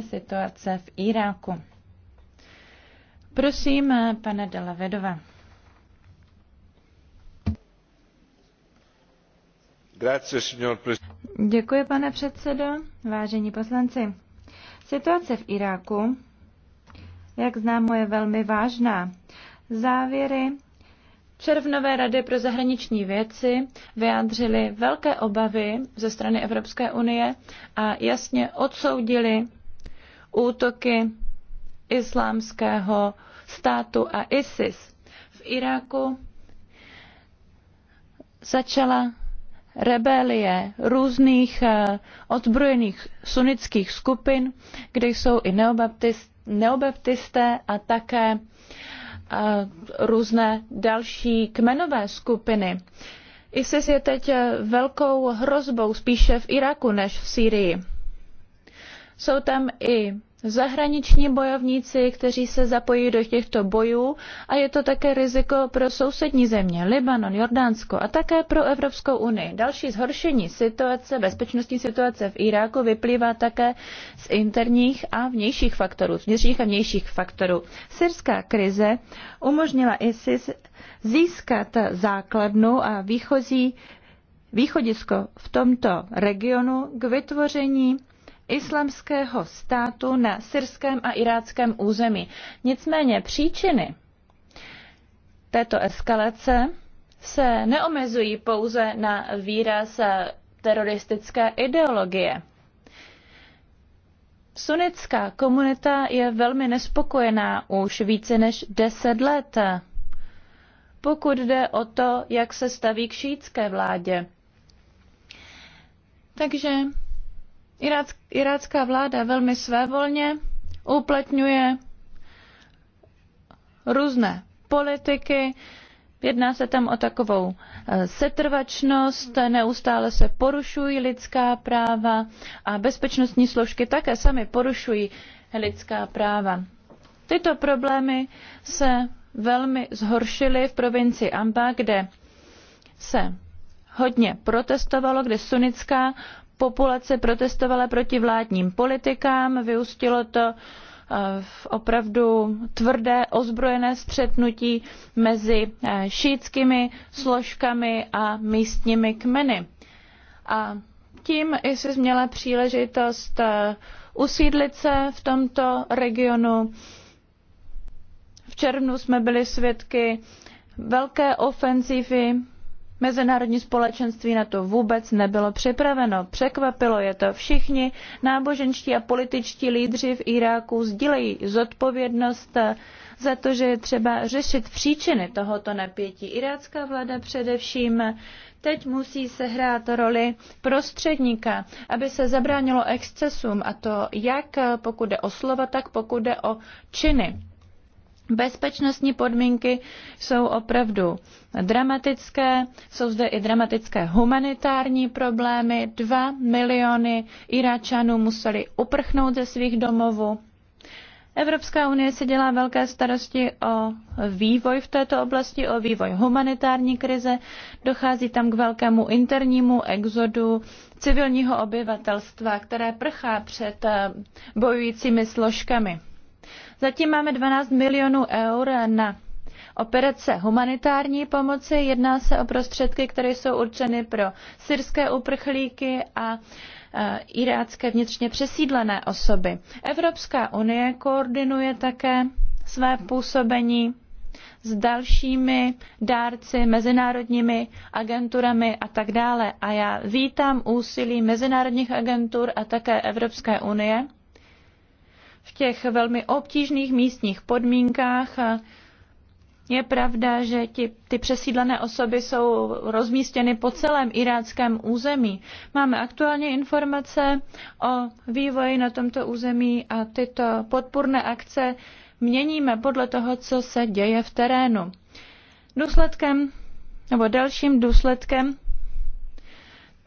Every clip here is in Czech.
situace v Iráku. Prosím, pane Delavedova. Děkuji, pane předsedo. Vážení poslanci, situace v Iráku, jak známo, je velmi vážná. Závěry červnové rady pro zahraniční věci vyjádřily velké obavy ze strany Evropské unie a jasně odsoudili útoky islámského státu a ISIS. V Iráku začala rebelie různých eh, odbrojených sunnických skupin, kde jsou i neobaptisté a také eh, různé další kmenové skupiny. ISIS je teď eh, velkou hrozbou spíše v Iraku než v Sýrii. Jsou tam i zahraniční bojovníci, kteří se zapojí do těchto bojů a je to také riziko pro sousední země, Libanon, Jordánsko a také pro Evropskou unii. Další zhoršení situace, bezpečnostní situace v Iráku vyplývá také z interních a vnějších faktorů, z vnějších a vnějších faktorů. Syrská krize umožnila ISIS získat základnu a výchozí východisko v tomto regionu k vytvoření islamského státu na syrském a iráckém území. Nicméně příčiny této eskalace se neomezují pouze na výraz teroristické ideologie. Sunnická komunita je velmi nespokojená už více než deset let, pokud jde o to, jak se staví k šítské vládě. Takže irácká vláda velmi svévolně uplatňuje různé politiky, jedná se tam o takovou eh, setrvačnost, neustále se porušují lidská práva a bezpečnostní složky také sami porušují lidská práva. Tyto problémy se velmi zhoršily v provincii Amba, kde se hodně protestovalo, kde sunická populace protestovala proti vládním politikám, vyústilo to eh, v opravdu tvrdé ozbrojené střetnutí mezi eh, šíitskými složkami a místními kmeny. A tím ISIS měla příležitost eh, usídlit se v tomto regionu. V červnu jsme byli svědky velké ofenzívy Mezinárodní společenství na to vůbec nebylo připraveno. Překvapilo je to. Všichni náboženští a političtí lídři v Iráku sdílejí zodpovědnost za to, že je třeba řešit příčiny tohoto napětí. Irácká vláda především teď musí sehrát roli prostředníka, aby se zabránilo excesům, a to jak pokud jde o slova, tak pokud jde o činy. Bezpečnostní podmínky jsou opravdu dramatické, jsou zde i dramatické humanitární problémy. Dva miliony Iráčanů museli uprchnout ze svých domovů. Evropská unie si dělá velké starosti o vývoj v této oblasti, o vývoj humanitární krize. Dochází tam k velkému internímu exodu civilního obyvatelstva, které prchá před eh, bojujícími složkami. Zatím máme 12 milionů eur na operace humanitární pomoci. Jedná se o prostředky, které jsou určeny pro syrské uprchlíky a eh, irácké vnitřně přesídlené osoby. Evropská unie koordinuje také své působení s dalšími dárci, mezinárodními agenturami a tak dále. A já vítám úsilí mezinárodních agentur a také Evropské unie v těch velmi obtížných místních podmínkách. Je pravda, že ti, ty přesídlené osoby jsou rozmístěny po celém iráckém území. Máme aktuálně informace o vývoji na tomto území a tyto podpůrné akce měníme podle toho, co se děje v terénu. Důsledkem nebo dalším důsledkem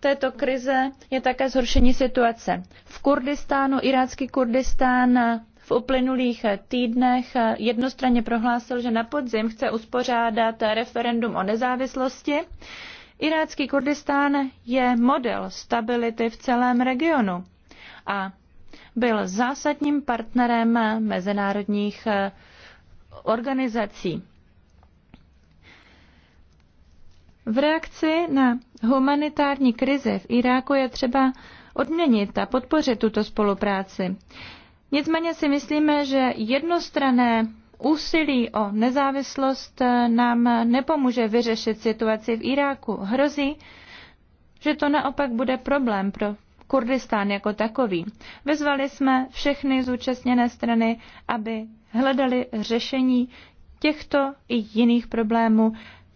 této krize je také zhoršení situace v Kurdistánu. Irácký Kurdistán v uplynulých týdnech jednostranně prohlásil, že na podzim chce uspořádat referendum o nezávislosti. Irácký Kurdistán je model stability v celém regionu a byl zásadním partnerem mezinárodních organizací. V reakci na humanitární krize v Iráku je třeba odměnit a podpořit tuto spolupráci. Nicméně si myslíme, že jednostrané úsilí o nezávislost nám nepomůže vyřešit situaci v Iráku. Hrozí, že to naopak bude problém pro Kurdistán jako takový. Vyzvali jsme všechny zúčastněné strany, aby hledali řešení těchto i jiných problémů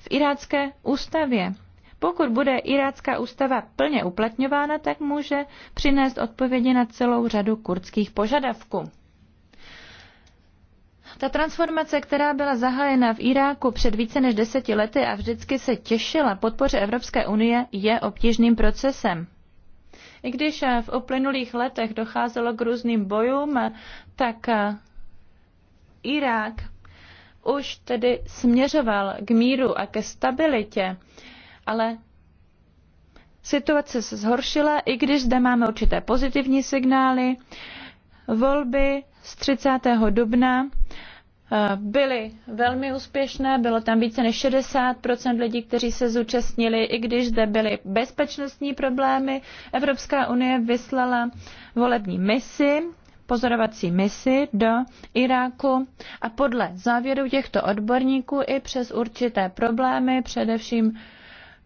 irácké ústavě. Pokud bude irácká ústava plně uplatňována, tak může přinést odpovědi na celou řadu kurdských požadavků. Ta transformace, která byla zahájena v Iráku před více než deseti lety a vždycky se těšila podpoře Evropské unie, je obtížným procesem. I když v uplynulých letech docházelo k různým bojům, tak Irák už tedy směřoval k míru a ke stabilitě, ale situace se zhoršila, i když zde máme určité pozitivní signály. Volby z 30. dubna eh, byly velmi úspěšné, bylo tam více než 60 lidí, kteří se zúčastnili, i když zde byly bezpečnostní problémy. Evropská unie vyslala volební misi pozorovací misi do Iráku a podle závěru těchto odborníků i přes určité problémy, především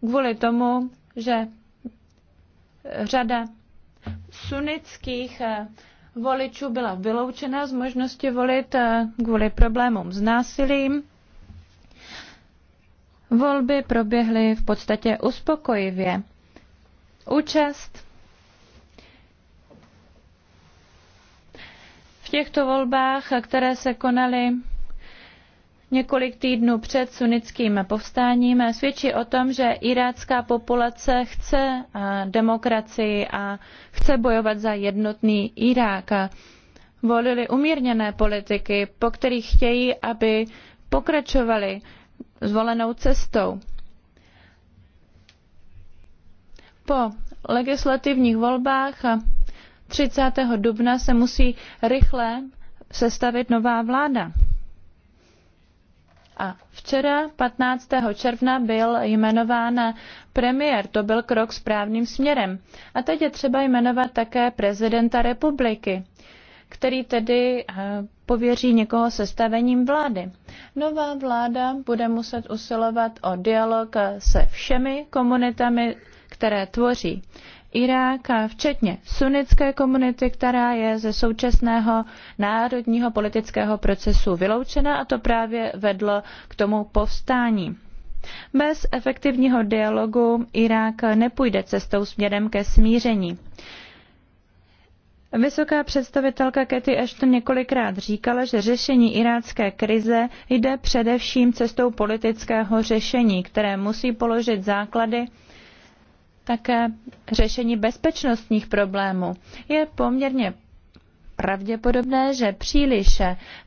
kvůli tomu, že řada sunnických eh, voličů byla vyloučena z možnosti volit eh, kvůli problémům s násilím. Volby proběhly v podstatě uspokojivě. Účast těchto volbách, které se konaly několik týdnů před sunnickým povstáním, svědčí o tom, že irácká populace chce demokracii a chce bojovat za jednotný Irák. Volili umírněné politiky, po kterých chtějí, aby pokračovali zvolenou cestou. Po legislativních volbách 30. dubna se musí rychle sestavit nová vláda. A včera, 15. června, byl jmenován premiér. To byl krok správným směrem. A teď je třeba jmenovat také prezidenta republiky, který tedy eh, pověří někoho sestavením vlády. Nová vláda bude muset usilovat o dialog se všemi komunitami, které tvoří. Irák, včetně sunnické komunity, která je ze současného národního politického procesu vyloučena a to právě vedlo k tomu povstání. Bez efektivního dialogu Irák nepůjde cestou směrem ke smíření. Vysoká představitelka Kety Ashton několikrát říkala, že řešení irácké krize jde především cestou politického řešení, které musí položit základy také řešení bezpečnostních problémů. Je poměrně pravděpodobné, že příliš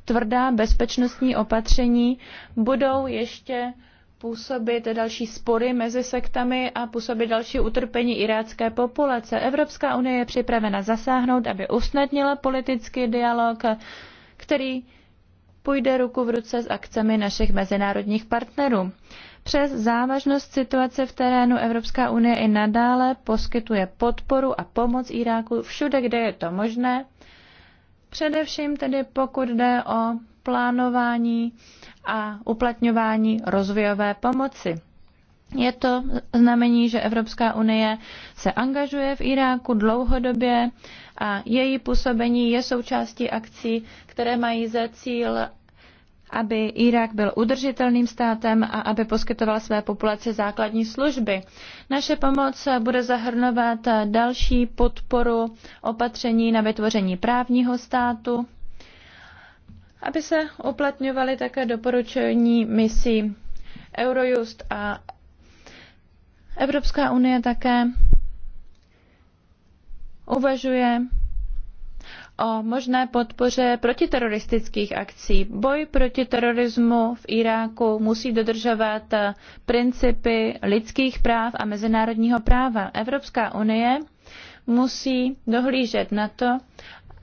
tvrdá bezpečnostní opatření budou ještě působit další spory mezi sektami a působit další utrpení irácké populace. Evropská unie je připravena zasáhnout, aby usnadnila politický dialog, který půjde ruku v ruce s akcemi našich mezinárodních partnerů. Přes závažnost situace v terénu Evropská unie i nadále poskytuje podporu a pomoc Iráku všude, kde je to možné, především tedy pokud jde o plánování a uplatňování rozvojové pomoci. Je to znamení, že Evropská unie se angažuje v Iráku dlouhodobě a její působení je součástí akcí, které mají za cíl aby Irák byl udržitelným státem a aby poskytoval své populaci základní služby. Naše pomoc bude zahrnovat další podporu opatření na vytvoření právního státu, aby se uplatňovaly také doporučení misí Eurojust a Evropská unie také uvažuje o možné podpoře protiteroristických akcí. Boj proti terorismu v Iráku musí dodržovat principy lidských práv a mezinárodního práva. Evropská unie musí dohlížet na to,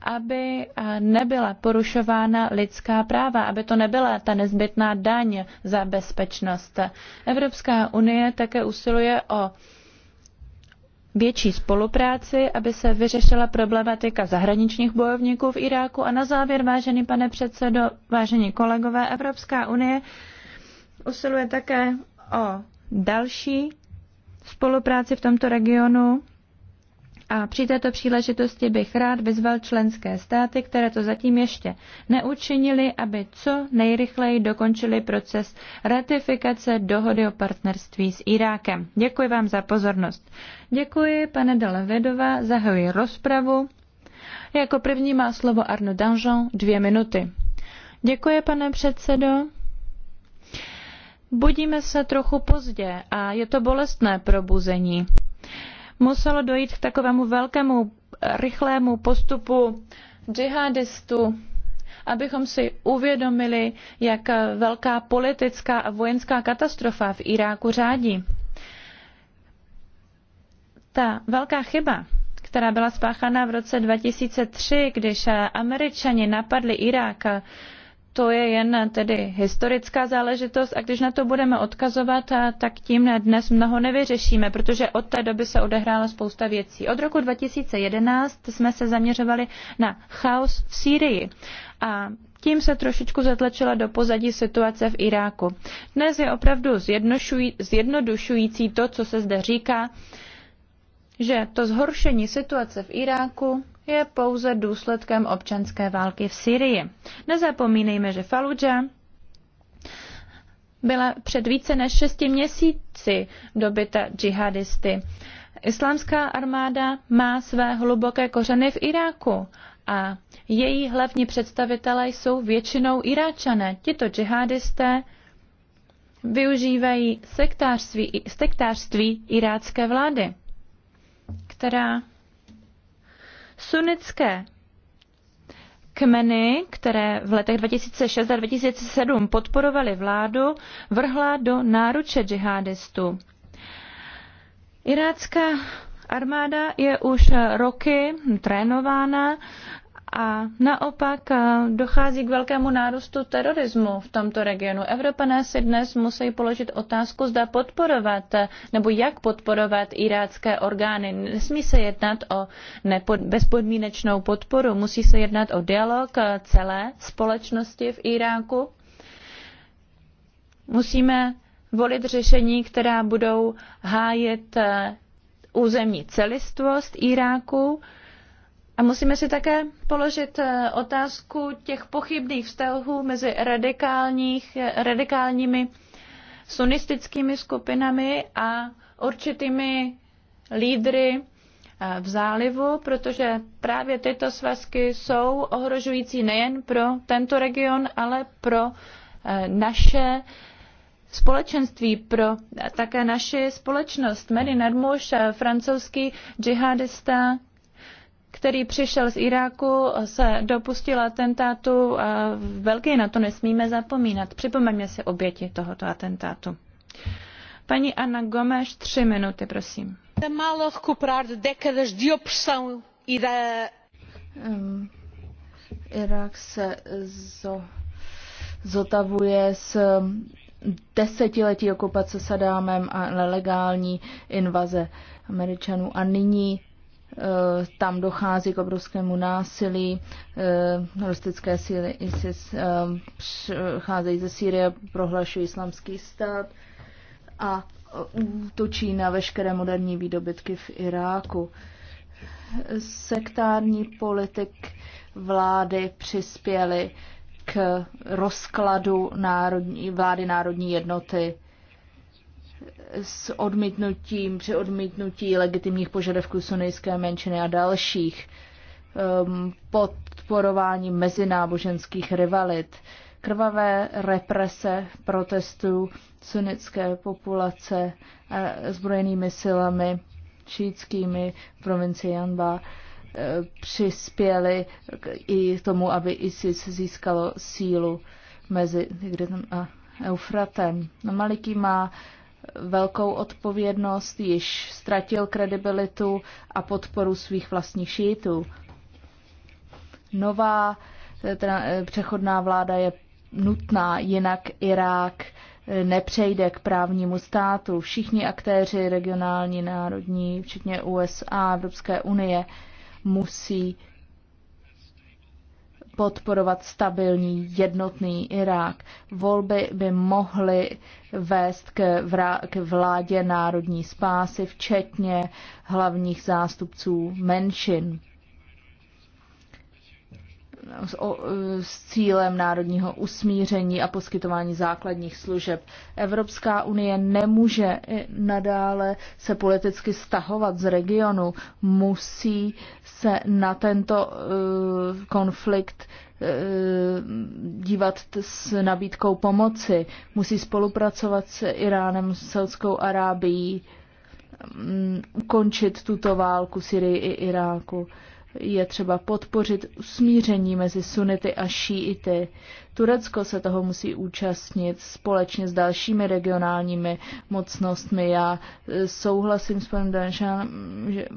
aby nebyla porušována lidská práva, aby to nebyla ta nezbytná daň za bezpečnost. Evropská unie také usiluje o větší spolupráci, aby se vyřešila problematika zahraničních bojovníků v Iráku. A na závěr, vážený pane předsedo, vážení kolegové, Evropská unie usiluje také o další spolupráci v tomto regionu a při této příležitosti bych rád vyzval členské státy, které to zatím ještě neučinili, aby co nejrychleji dokončili proces ratifikace dohody o partnerství s Irákem. Děkuji vám za pozornost. Děkuji, pane Dalavedova, zahajuji rozpravu. Jako první má slovo Arno Danjon, dvě minuty. Děkuji, pane předsedo. Budíme se trochu pozdě a je to bolestné probuzení muselo dojít k takovému velkému, rychlému postupu džihadistů, abychom si uvědomili, jak velká politická a vojenská katastrofa v Iráku řádí. Ta velká chyba, která byla spáchána v roce 2003, když američani napadli Irák, to je jen tedy historická záležitost a když na to budeme odkazovat, tak tím dnes mnoho nevyřešíme, protože od té doby se odehrála spousta věcí. Od roku 2011 jsme se zaměřovali na chaos v Sýrii a tím se trošičku zatlačila do pozadí situace v Iráku. Dnes je opravdu zjednodušující to, co se zde říká, že to zhoršení situace v Iráku je pouze důsledkem občanské války v Syrii. Nezapomínejme, že Fallujah byla před více než šesti měsíci dobyta džihadisty. Islámská armáda má své hluboké kořeny v Iráku a její hlavní představitelé jsou většinou Iráčané. Tito džihadisté využívají sektářství, sektářství irácké vlády která sunnické kmeny, které v letech 2006 a 2007 podporovaly vládu, vrhla do náruče džihadistů. Irácká armáda je už roky trénována a naopak eh, dochází k velkému nárůstu terorismu v tomto regionu. Evropané si dnes musí položit otázku, zda podporovat eh, nebo jak podporovat irácké orgány. Nesmí se jednat o nepod, bezpodmínečnou podporu, musí se jednat o dialog eh, celé společnosti v Iráku. Musíme volit řešení, která budou hájet územní celistvost Iráku, a musíme si také položit eh, otázku těch pochybných vztahů mezi radikálních, radikálními sunistickými skupinami a určitými lídry eh, v zálivu, protože právě tyto svazky jsou ohrožující nejen pro tento region, ale pro eh, naše společenství, pro také naši společnost. Mary Narmuš, francouzský džihadista, který přišel z Iráku, se dopustil atentátu v Belgii. Na to nesmíme zapomínat. Připomeňme si oběti tohoto atentátu. Paní Anna Gomes, tři minuty, prosím. Irak décadas de e Irák se zotavuje s desetiletí okupace Sadámem a nelegální invaze Američanů. A nyní Eh, tam dochází k obrovskému násilí, teroristické eh, síly ISIS eh, přicházejí ze Sýrie, prohlašují islamský stát a útočí na veškeré moderní výdobytky v Iráku. Sektární politik vlády přispěly k rozkladu národní, vlády národní jednoty s odmítnutím, při odmítnutí legitimních požadavků sunnijské menšiny a dalších, um, podporování mezináboženských rivalit, krvavé represe protestů sunnické populace zbrojenými silami šítskými v provincii Janba uh, přispěly i tomu, aby ISIS získalo sílu mezi Tigrem a Eufratem. No, Maliký má velkou odpovědnost, již ztratil kredibilitu a podporu svých vlastních šítů. Nová eh, teda, eh, přechodná vláda je nutná, jinak Irák eh, nepřejde k právnímu státu. Všichni aktéři regionální, národní, včetně USA, Evropské unie, musí podporovat stabilní, jednotný Irák. Volby by mohly vést k, k vládě národní spásy, včetně hlavních zástupců menšin s, o, s cílem národního usmíření a poskytování základních služeb. Evropská unie nemůže nadále se politicky stahovat z regionu, musí se na tento uh, konflikt e, dívat s nabídkou pomoci, musí spolupracovat s Iránem, s Saudskou Arábií, ukončit tuto válku Syrii i Iráku. Uh, je třeba podpořit smíření mezi sunity a šíity. Turecko se toho musí účastnit společně s dalšími regionálními mocnostmi. Já e, souhlasím s panem Danšanem, že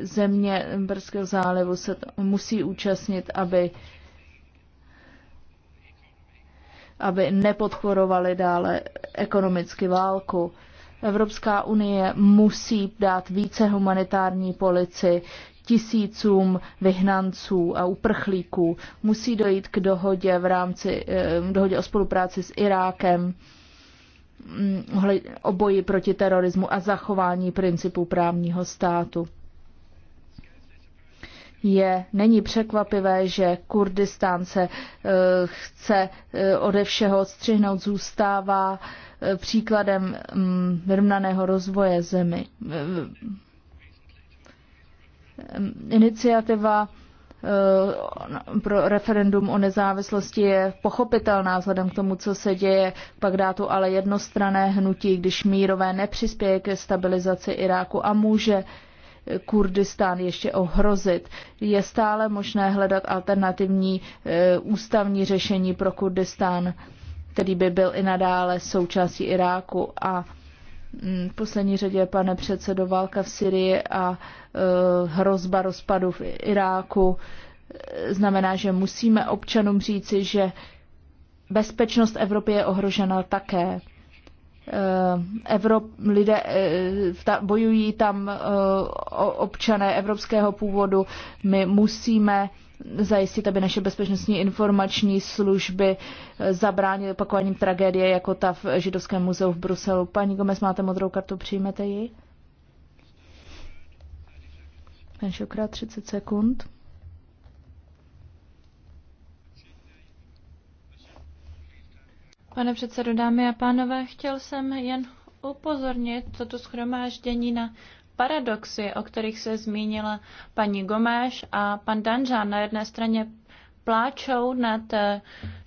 země Brzkého zálivu se musí účastnit, aby aby nepodporovali dále ekonomicky válku. Evropská unie musí dát více humanitární polici tisícům vyhnanců a uprchlíků. Musí dojít k dohodě v rámci eh, dohodě o spolupráci s Irákem mm, o boji proti terorismu a zachování principů právního státu. Je, není překvapivé, že Kurdistán se eh, chce eh, ode všeho odstřihnout, zůstává příkladem mm, vyrovnaného rozvoje zemi, Iniciativa eh, pro referendum o nezávislosti je pochopitelná vzhledem k tomu, co se děje dá Bagdátu, ale jednostrané hnutí, když mírové nepřispěje ke stabilizaci Iráku a může Kurdistán ještě ohrozit. Je stále možné hledat alternativní eh, ústavní řešení pro Kurdistán, který by byl i nadále součástí Iráku a Mm, v poslední řadě, pane předsedo, válka v Syrii a e, hrozba rozpadu v Iráku e, znamená, že musíme občanům říci, že bezpečnost Evropy je ohrožena také. Eh, Evrop, lidé eh, bojují tam eh, občané evropského původu. My musíme zajistit, aby naše bezpečnostní informační služby zabránily opakováním tragédie, jako ta v Židovském muzeu v Bruselu. Paní Gomez, máte modrou kartu, přijmete ji? Ten Šokra, 30 sekund. Pane předsedo, dámy a pánové, chtěl jsem jen upozornit toto schromáždění na paradoxy, o kterých se zmínila paní Gomáš a pan Danžán. Na jedné straně pláčou nad eh,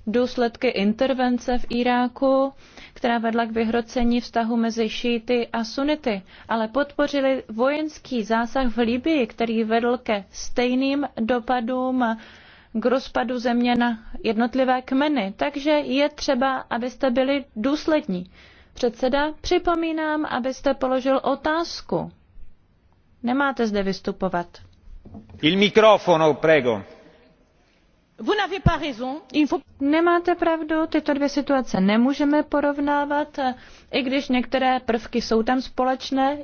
důsledky intervence v Iráku, která vedla k vyhrocení vztahu mezi šíty a sunity, ale podpořili vojenský zásah v Libii, který vedl ke stejným dopadům k rozpadu země na jednotlivé kmeny. Takže je třeba, abyste byli důslední. Předseda, připomínám, abyste položil otázku. Nemáte zde vystupovat. Il microfono, prego. Nemáte pravdu, tyto dvě situace nemůžeme porovnávat, i když některé prvky jsou tam společné.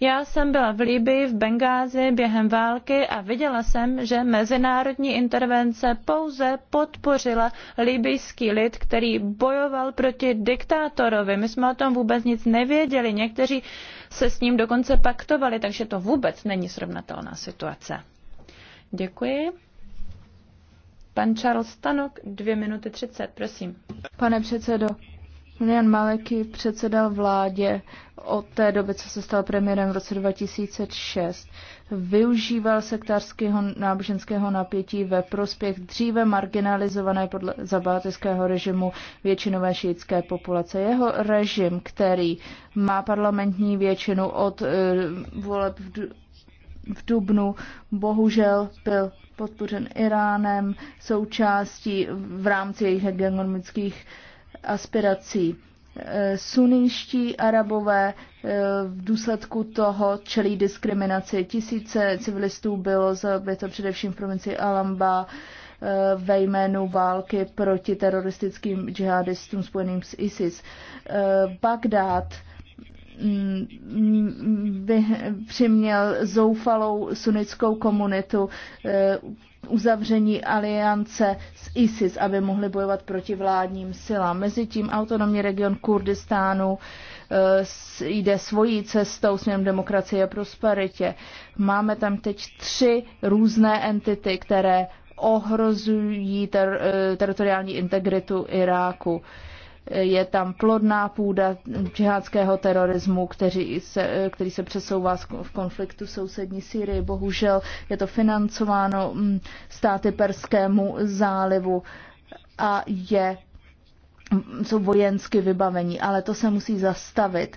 Já jsem byla v Libyi v Bengázi během války a viděla jsem, že mezinárodní intervence pouze podpořila libyjský lid, který bojoval proti diktátorovi. My jsme o tom vůbec nic nevěděli, někteří se s ním dokonce paktovali, takže to vůbec není srovnatelná situace. Děkuji. Pan Charles Stanok, dvě minuty třicet, prosím. Pane předsedo, Jan Maleky předsedal vládě od té doby, co se stal premiérem v roce 2006. Využíval sektářského náboženského napětí ve prospěch dříve marginalizované podle zabátyského režimu většinové šítské populace. Jeho režim, který má parlamentní většinu od uh, voleb v v Dubnu. Bohužel byl podpořen Iránem součástí v rámci jejich hegemonických aspirací. Eh, Suníští arabové eh, v důsledku toho čelí diskriminaci. Tisíce civilistů bylo zabito především v provincii Alamba eh, ve jménu války proti teroristickým džihadistům spojeným s ISIS. Bagdád Mm, by přiměl zoufalou sunnickou komunitu eh, uzavření aliance s ISIS, aby mohli bojovat proti vládním silám. Mezitím autonomní region Kurdistánu eh, jde svojí cestou směrem demokracie a prosperitě. Máme tam teď tři různé entity, které ohrozují ter- eh, teritoriální integritu Iráku je tam plodná půda džihádského terorismu, který se, který se přesouvá v konfliktu sousední Syrii. Bohužel je to financováno mm, státy Perskému zálivu a je mm, jsou vojensky vybavení, ale to se musí zastavit.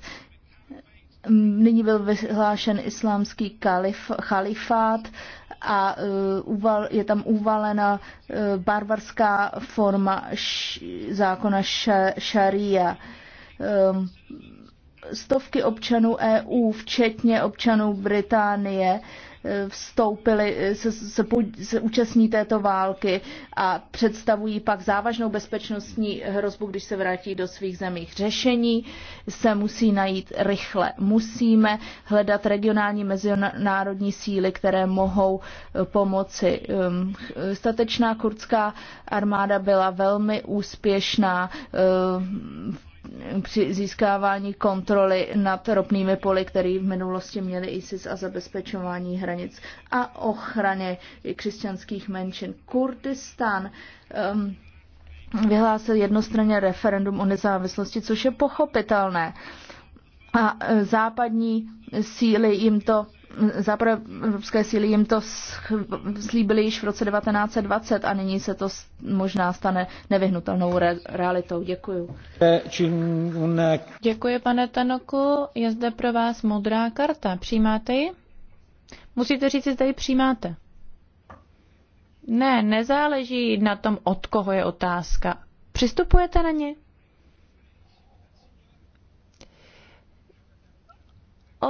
Mm, nyní byl vyhlášen islámský kalif, chalifát a eh, je tam uvalena eh, barbarská forma zákona šaria. Ehm, stovky občanů EU, včetně občanů Británie, vstoupili, se, se, se účastní této války a představují pak závažnou bezpečnostní hrozbu, když se vrátí do svých zemích. Řešení se musí najít rychle. Musíme hledat regionální mezinárodní síly, které mohou eh, pomoci. Ehm, statečná kurdská armáda byla velmi úspěšná v ehm, při získávání kontroly nad ropnými poli, které v minulosti měly ISIS a zabezpečování hranic a ochraně křesťanských menšin. Kurdistan um, vyhlásil jednostranně referendum o nezávislosti, což je pochopitelné. A e, západní síly jim to evropské síly jim to slíbily již v roce 1920 a nyní se to možná stane nevyhnutelnou re- realitou. Děkuji. Děkuji, pane Tanoku. Je zde pro vás modrá karta. Přijímáte ji? Musíte říct, zda ji přijímáte. Ne, nezáleží na tom, od koho je otázka. Přistupujete na ně?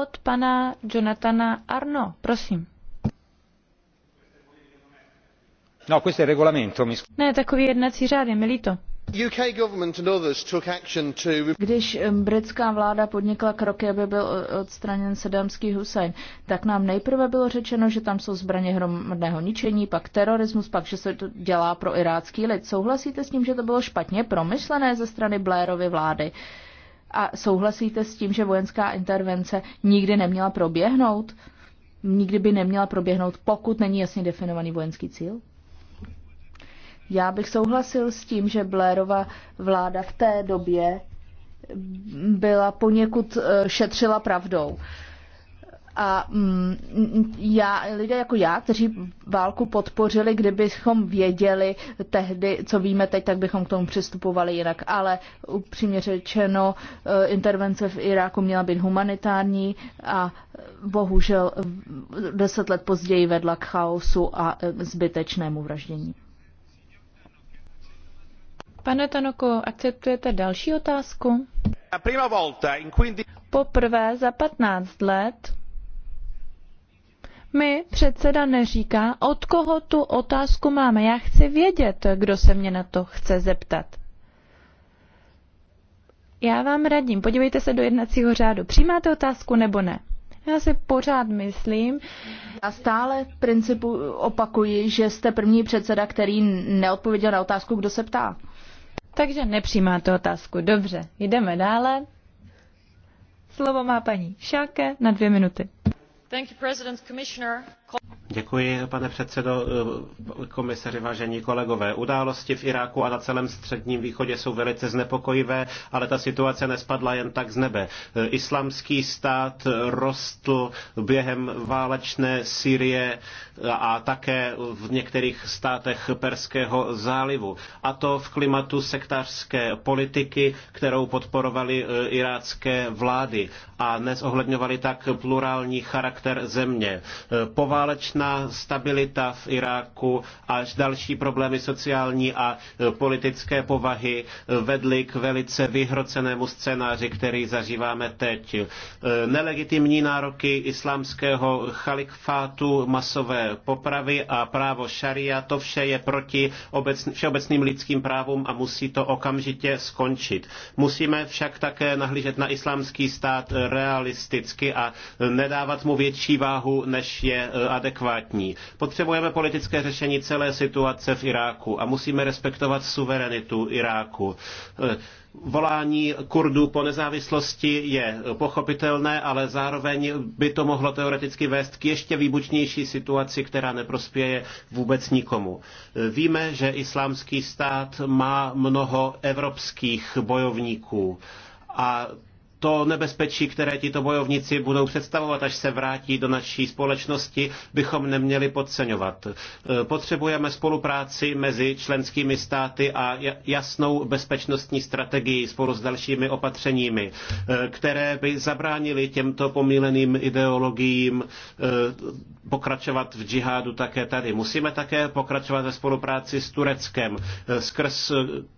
od pana Jonathana Arno. Prosím. No, questo è il regolamento. Mi... Ne, takový jednací řád, je mi líto. Když um, britská vláda podnikla kroky, aby byl uh, odstraněn sedamský Hussein, tak nám nejprve bylo řečeno, že tam jsou zbraně hromadného ničení, pak terorismus, pak že se to dělá pro irácký lid. Souhlasíte s tím, že to bylo špatně promyšlené ze strany Blairovy vlády? Uh, a souhlasíte s tím, že vojenská intervence nikdy neměla proběhnout? Nikdy by neměla proběhnout, pokud není jasně definovaný vojenský cíl? Já bych souhlasil s tím, že Blairova vláda v té době byla poněkud eh, šetřila pravdou. A mm, já, lidé jako já, kteří válku podpořili, kdybychom věděli tehdy, co víme teď, tak bychom k tomu přistupovali jinak. Ale upřímně řečeno, eh, intervence v Iráku měla být humanitární a bohužel deset let později vedla k chaosu a eh, zbytečnému vraždění. Pane Tanoko, akceptujete další otázku? Poprvé za 15 let mi předseda neříká, od koho tu otázku máme. Já chci vědět, kdo se mě na to chce zeptat. Já vám radím, podívejte se do jednacího řádu. Přijímáte otázku nebo ne? Já si pořád myslím. Já stále v principu opakuji, že jste první předseda, který neodpověděl na otázku, kdo se ptá. Takže nepřijímáte otázku. Dobře, jdeme dále. Slovo má paní Šáke na dvě minuty. Děkuji, pane předsedající eh, komisaři, vážení kolegové. Události v Iráku a na celém středním východě jsou velice znepokojivé, ale ta situace nespadla jen tak z nebe. Eh, islámský stát eh, rostl během válečné Sýrie a také v některých státech Perského zálivu. A to v klimatu sektářské politiky, kterou podporovaly e, irácké vlády a nezohledňovaly tak plurální charakter země. E, poválečná stabilita v Iráku až další problémy sociální a e, politické povahy vedly k velice vyhrocenému scénáři, který zažíváme teď. Nelegitimní nároky islámského chalifátu masové popravy a právo šaria, to vše je proti obecn, všeobecným lidským právům a musí to okamžitě skončit. Musíme však také nahlížet na islámský stát realisticky a nedávat mu větší váhu, než je e, adekvátní. Potřebujeme politické řešení celé situace v Iráku a musíme respektovat suverenitu Iráku. E, volání Kurdů po nezávislosti je pochopitelné, ale zároveň by to mohlo teoreticky vést k ještě výbučnější situaci, která neprospěje vůbec nikomu. Víme, že islámský stát má mnoho evropských bojovníků a to nebezpečí, které tito bojovníci budou představovat, až se vrátí do naší společnosti, bychom neměli podceňovat. E, potřebujeme spolupráci mezi členskými státy a jasnou bezpečnostní strategii spolu s dalšími opatřeními, e, které by zabránily těmto pomíleným ideologiím e, pokračovat v džihádu také tady. Musíme také pokračovat ve spolupráci s Tureckem skrz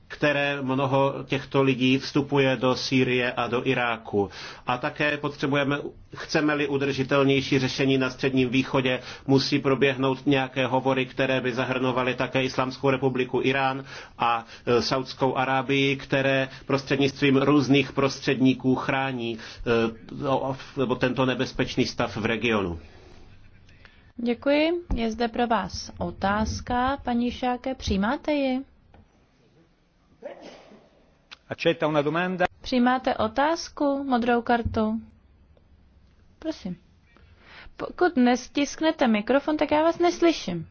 které mnoho těchto lidí vstupuje do Sýrie a do Iráku. A také potřebujeme, chceme-li udržitelnější řešení na Středním východě, musí proběhnout nějaké hovory, které by zahrnovaly také Islámskou republiku Irán a e, Saudskou Arábii, které prostřednictvím různých prostředníků chrání e, nebo tento nebezpečný stav v regionu. Děkuji. Je zde pro vás otázka, paní Šáke, přijímáte ji? Accetta una domanda? Přijímáte otázku modrou kartou, Prosím. Pokud nestisknete mikrofon, tak já vás neslyším.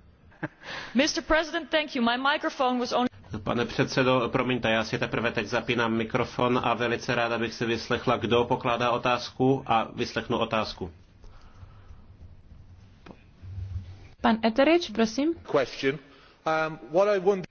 Mr. President, thank you. My microphone was only... Pane předsedo, promiňte, já si teprve teď zapínám mikrofon a velice ráda bych si vyslechla, kdo pokládá otázku a vyslechnu otázku. Pan Eterič, prosím. Question. Um, what I wonder...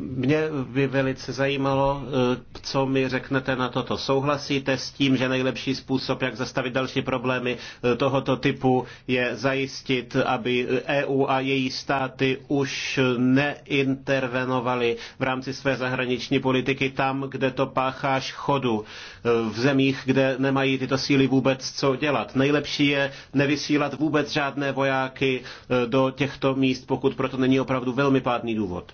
Mě by velice zajímalo, eh, co mi řeknete na toto. Souhlasíte s tím, že nejlepší způsob, jak zastavit další problémy eh, tohoto typu, je zajistit, aby EU a její státy už neintervenovaly v rámci své zahraniční politiky tam, kde to páchá škodu, eh, v zemích, kde nemají tyto síly vůbec co dělat. Nejlepší je nevysílat vůbec žádné vojáky do těchto míst, pokud proto není opravdu velmi pádný důvod.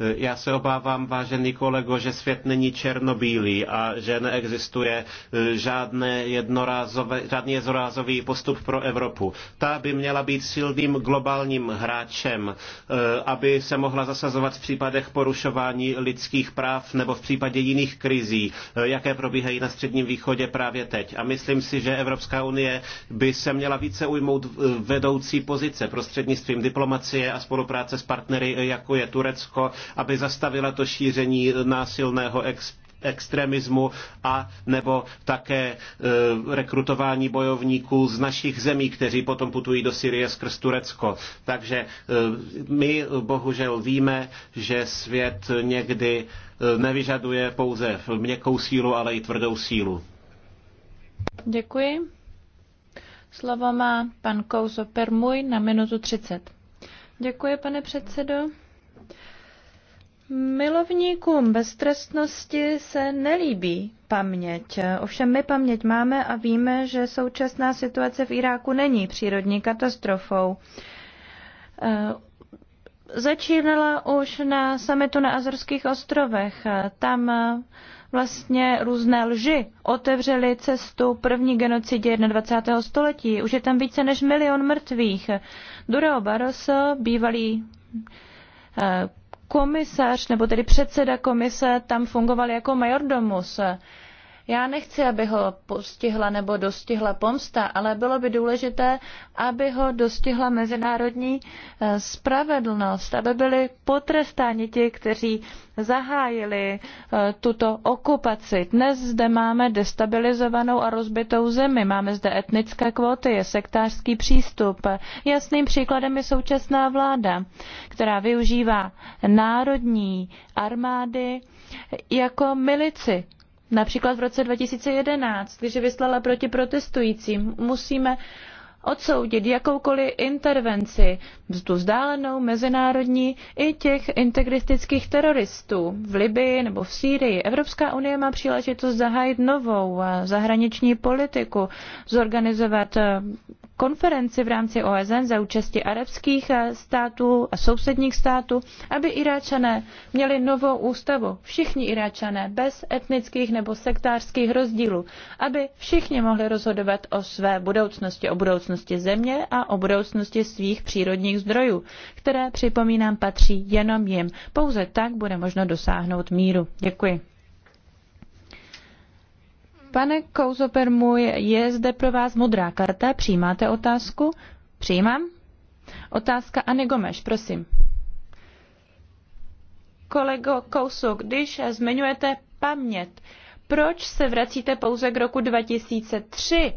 Eh, já se obávám, vážený kolego, že svět není černobílý a že neexistuje eh, žádné jednorázové, žádný jednorázový postup pro Evropu. Ta by měla být silným globálním hráčem, eh, aby se mohla zasazovat v případech porušování lidských práv nebo v případě jiných krizí, jaké probíhají na Středním východě právě teď. A myslím si, že Evropská unie by se měla více ujmout vedoucí pozice prostřednictvím diplomacie a spolupráce s partnery, jako je Turecko, aby zastavila to šíření násilného extremismu a nebo také e, rekrutování bojovníků z našich zemí, kteří potom putují do Syrie skrz Turecko. Takže e, my bohužel víme, že svět někdy e, nevyžaduje pouze měkkou sílu, ale i tvrdou sílu. Děkuji. Slovo má pan Kouzo Permuj na minutu 30. Děkuji, pane předsedo. Milovníkům beztrestnosti se nelíbí paměť. Ovšem my paměť máme a víme, že současná situace v Iráku není přírodní katastrofou. Eh, začínala už na sametu na Azorských ostrovech. Tam eh, vlastně různé lži otevřely cestu první genocidě 21. století. Už je tam více než milion mrtvých. Dureo Barroso, bývalý eh, komisař nebo tedy předseda komise tam fungoval jako majordomus. Já nechci, aby ho postihla nebo dostihla pomsta, ale bylo by důležité, aby ho dostihla mezinárodní eh, spravedlnost, aby byli potrestáni ti, kteří zahájili eh, tuto okupaci. Dnes zde máme destabilizovanou a rozbitou zemi, máme zde etnické kvóty, je sektářský přístup. Jasným příkladem je současná vláda, která využívá národní armády jako milici Například v roce 2011, když vyslala proti protestujícím, musíme odsoudit jakoukoliv intervenci, tu vzdálenou, mezinárodní, i těch integristických teroristů v Libii nebo v Sýrii. Evropská unie má příležitost zahájit novou eh, zahraniční politiku, zorganizovat eh, konferenci v rámci OSN za účasti arabských eh, států a sousedních států, aby Iráčané měli novou ústavu, všichni Iráčané, bez etnických nebo sektářských rozdílů, aby všichni mohli rozhodovat o své budoucnosti, o budoucnosti země a o budoucnosti svých přírodních zdrojů, které, připomínám, patří jenom jim. Pouze tak bude možno dosáhnout míru. Děkuji. Pane Kouzoper, můj je zde pro vás modrá karta. Přijímáte otázku? Přijímám. Otázka Ani Gomeš, prosím. Kolego Kousu, když zmiňujete paměť, proč se vracíte pouze k roku 2003,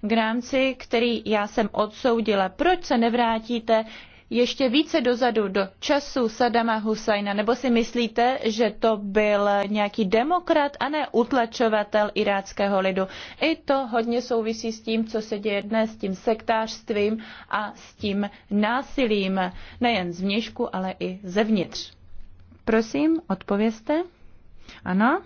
k rámci, který já jsem odsoudila? Proč se nevrátíte ještě více dozadu do času Sadama Husajna, nebo si myslíte, že to byl nějaký demokrat a ne utlačovatel iráckého lidu? I to hodně souvisí s tím, co se děje dnes, s tím sektářstvím a s tím násilím, nejen z vnějšku, ale i zevnitř. Prosím, odpovězte. Ano?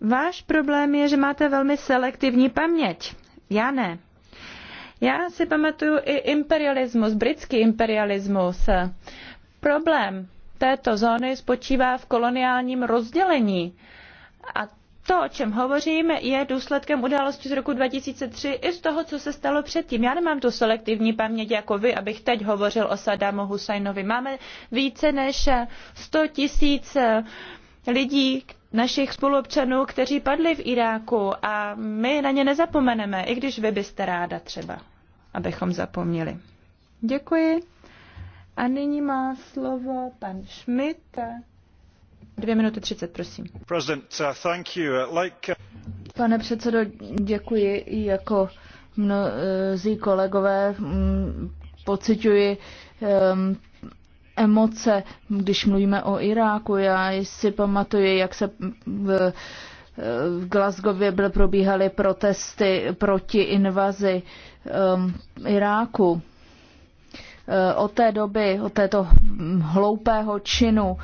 Váš problém je, že máte velmi selektivní paměť. Já ne. Já si pamatuju i imperialismus, britský imperialismus. Problém této zóny spočívá v koloniálním rozdělení. A to, o čem hovořím, je důsledkem události z roku 2003 i z toho, co se stalo předtím. Já nemám tu selektivní paměť jako vy, abych teď hovořil o Saddamu Husajnovi. Máme více než 100 tisíc lidí, našich spoluobčanů, kteří padli v Iráku a my na ně nezapomeneme, i když vy byste ráda třeba, abychom zapomněli. Děkuji. A nyní má slovo pan Schmidt. Dvě minuty třicet, prosím. Uh, uh, uh, Pane předsedo, děkuji jako mnozí kolegové. Mm, pociťuji um, emoce, když mluvíme o Iráku. Já si pamatuju, jak se v, v Glasgowě byl, probíhaly protesty proti invazi um, Iráku. Uh, od té doby, od této hloupého činu uh,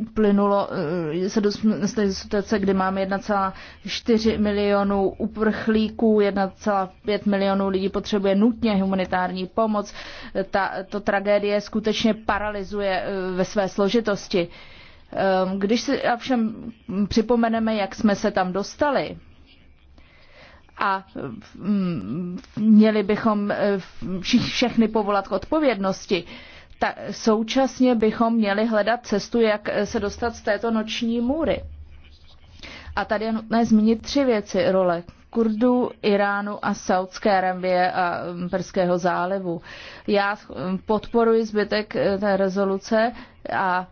uplynulo, eh, se dostali do situace, kdy máme 1,4 milionů uprchlíků, 1,5 milionů lidí potřebuje nutně humanitární pomoc. Ta, to tragédie skutečně paralizuje eh, ve své složitosti. Ehm, když si všem připomeneme, jak jsme se tam dostali, a mm, měli bychom eh, všechny povolat k odpovědnosti, ta, současně bychom měli hledat cestu, jak eh, se dostat z této noční můry. A tady je nutné zmínit tři věci role Kurdů, Iránu a Saudské Arabie a mm, Perského zálivu. Já mm, podporuji zbytek eh, té rezoluce a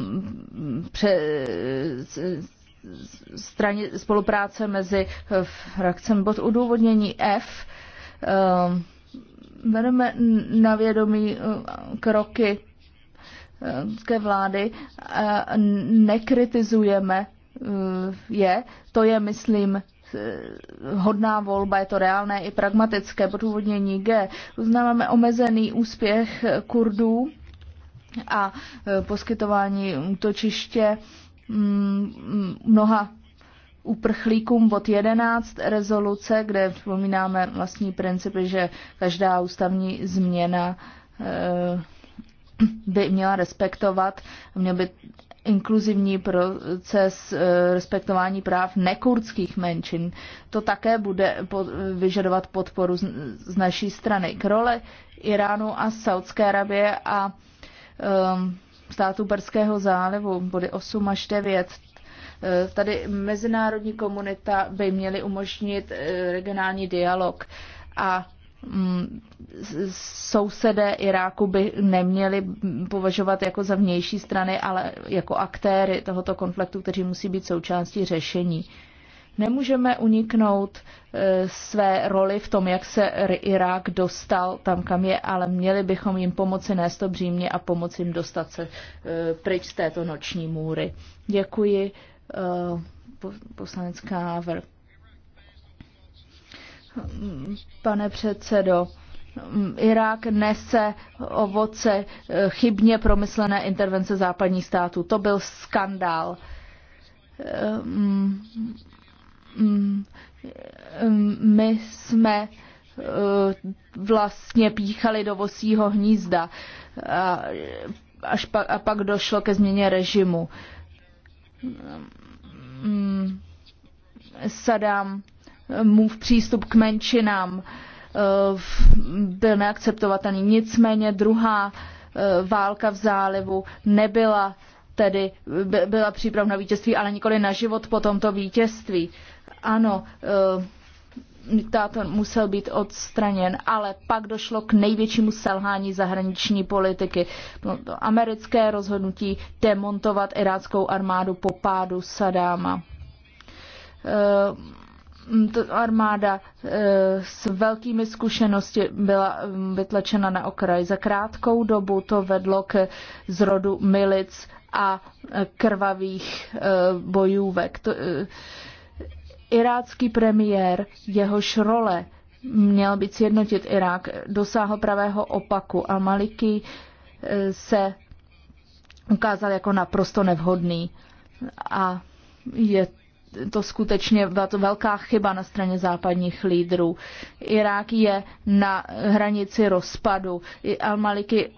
um, pře, straně spolupráce mezi eh, frakcem bod udůvodnění F um, bereme na vědomí uh, kroky uh, ke vlády, nekritizujeme uh, je, to je, myslím, hodná volba, je to reálné i pragmatické podůvodnění G. Uznáváme omezený úspěch Kurdů a poskytování útočiště mm, mm, mnoha uprchlíkům bod 11 rezoluce, kde vzpomínáme vlastní principy, že každá ústavní změna eh, by měla respektovat, měl by inkluzivní proces eh, respektování práv nekurdských menšin. To také bude vyžadovat podporu z naší strany. K role Iránu a Saudské Arabie a ehm, státu Perského zálivu, body 8 až 9, Eh, tady mezinárodní komunita by měly umožnit eh, regionální dialog a mm, sousedé Iráku by neměli považovat jako za vnější strany, ale jako aktéry tohoto konfliktu, kteří musí být součástí řešení. Nemůžeme uniknout eh, své roli v tom, jak se Irák dostal tam, kam je, ale měli bychom jim pomoci nést to a pomoci jim dostat se pryč z této noční můry. Děkuji Eh, poslanec Káver. Pane předsedo, Irák nese ovoce eh, chybně promyslené intervence západních států. To byl skandál. Eh, mm, mm, mm, my jsme vlastně píchali do vosího hnízda a, až pa, a pak došlo ke změně režimu. Uh, Saddam mův přístup k menšinám eh, byl neakceptovatelný. Nicméně druhá eh, válka v zálivu nebyla tedy byla příprav na vítězství, ale nikoli na život po tomto vítězství. Ano, eh, diktátor musel být odstraněn, ale pak došlo k největšímu selhání zahraniční politiky. Americké rozhodnutí demontovat iráckou armádu po pádu Sadáma. Ehm, armáda ehm, s velkými zkušenosti byla ehm, vytlačena na okraj. Za krátkou dobu to vedlo k zrodu milic a e, krvavých e, bojůvek. To, e, Irácký premiér, jehož role měl být sjednotit Irák, dosáhl pravého opaku a Maliki eh, se ukázal jako naprosto nevhodný. A je to skutečně velká chyba na straně západních lídrů. Irák je na hranici rozpadu. Al-Maliki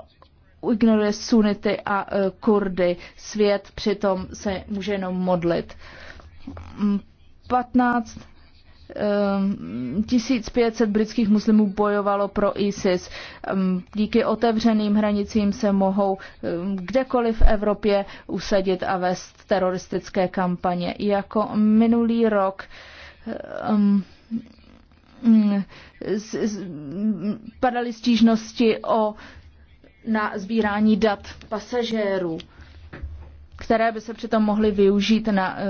ignoruje sunity a eh, kurdy. Svět přitom se může jenom modlit. 15 1500 ehm, britských muslimů bojovalo pro ISIS. Ehm, díky otevřeným hranicím se mohou ehm, kdekoliv v Evropě usadit a vést teroristické kampaně. Jako minulý rok mm, padaly stížnosti o na sbírání dat pasažérů které by se přitom mohly využít na eh,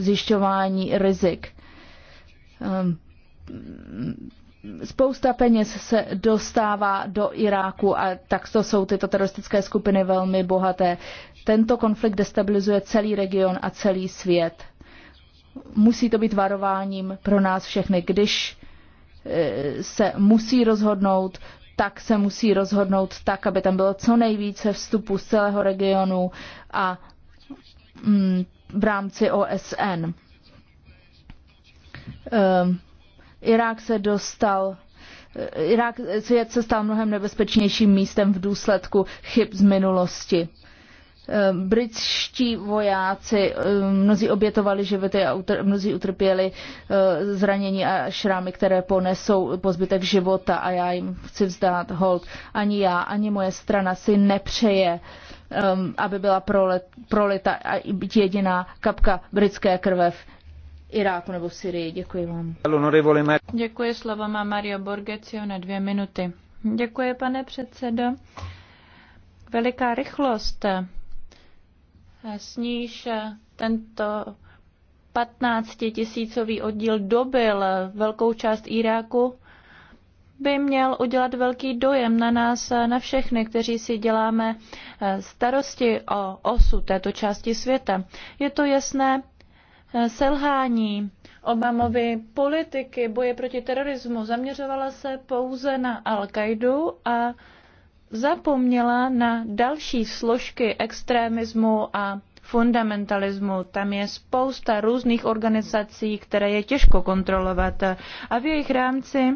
zjišťování rizik. Ehm, spousta peněz se dostává do Iráku a takto jsou tyto teroristické skupiny velmi bohaté. Tento konflikt destabilizuje celý region a celý svět. Musí to být varováním pro nás všechny. Když eh, se musí rozhodnout, tak se musí rozhodnout tak, aby tam bylo co nejvíce vstupu z celého regionu a Mm, v rámci OSN. Ehm, Irák se dostal eh, Irák, eh, svět se stal mnohem nebezpečnějším místem v důsledku chyb z minulosti. Ehm, britští vojáci, ehm, mnozí obětovali životy a utr- mnozí utrpěli eh, zranění a šrámy, které ponesou po zbytek života a já jim chci vzdát hold. Ani já, ani moje strana si nepřeje uh, Um, aby byla prolita jediná kapka britské krve v Iráku nebo v Syrii. Děkuji vám. Děkuji, slovo má Mario Borgecio na dvě minuty. Děkuji, pane předsedo. Veliká rychlost, eh, s níž eh, tento 15 tisícový oddíl dobil eh, velkou část Iráku, by měl udělat velký dojem na nás, na všechny, kteří si děláme eh, starosti o osu této části světa. Je to jasné eh, selhání Obamovy politiky boje proti terorismu. Zaměřovala se pouze na Al-Kaidu a zapomněla na další složky extremismu a fundamentalismu. Tam je spousta různých organizací, které je těžko kontrolovat. A v jejich rámci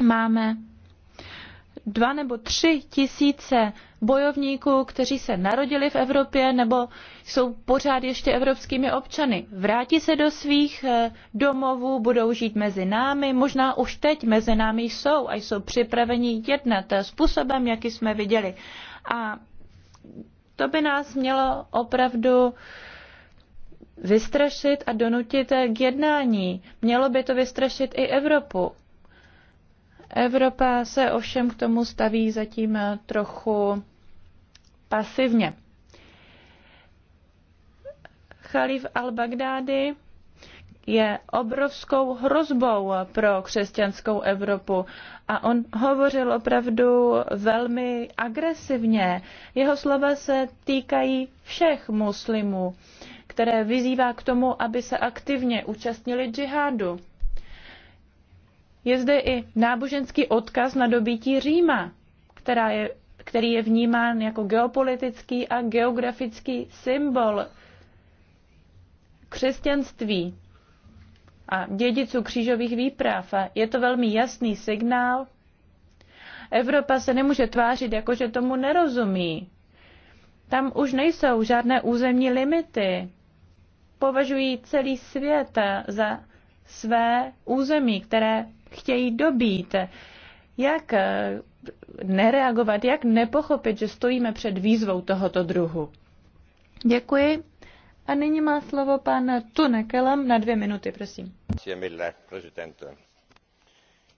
máme dva nebo tři tisíce bojovníků, kteří se narodili v Evropě nebo jsou pořád ještě evropskými občany. Vrátí se do svých eh, domovů, budou žít mezi námi, možná už teď mezi námi jsou a jsou připraveni jednat způsobem, jaký jsme viděli. A to by nás mělo opravdu vystrašit a donutit k jednání. Mělo by to vystrašit i Evropu. Evropa se ovšem k tomu staví zatím trochu pasivně. Chalif al-Baghdadi je obrovskou hrozbou pro křesťanskou Evropu a on hovořil opravdu velmi agresivně. Jeho slova se týkají všech muslimů, které vyzývá k tomu, aby se aktivně účastnili džihádu. Je zde i náboženský odkaz na dobytí Říma, která je, který je vnímán jako geopolitický a geografický symbol křesťanství a dědiců křížových výprav. A je to velmi jasný signál. Evropa se nemůže tvářit, jako že tomu nerozumí. Tam už nejsou žádné územní limity. Považují celý svět za své území, které chtějí dobít. Jak eh, nereagovat, jak nepochopit, že stojíme před výzvou tohoto druhu. Děkuji. A nyní má slovo pan Tunekelem na dvě minuty, prosím.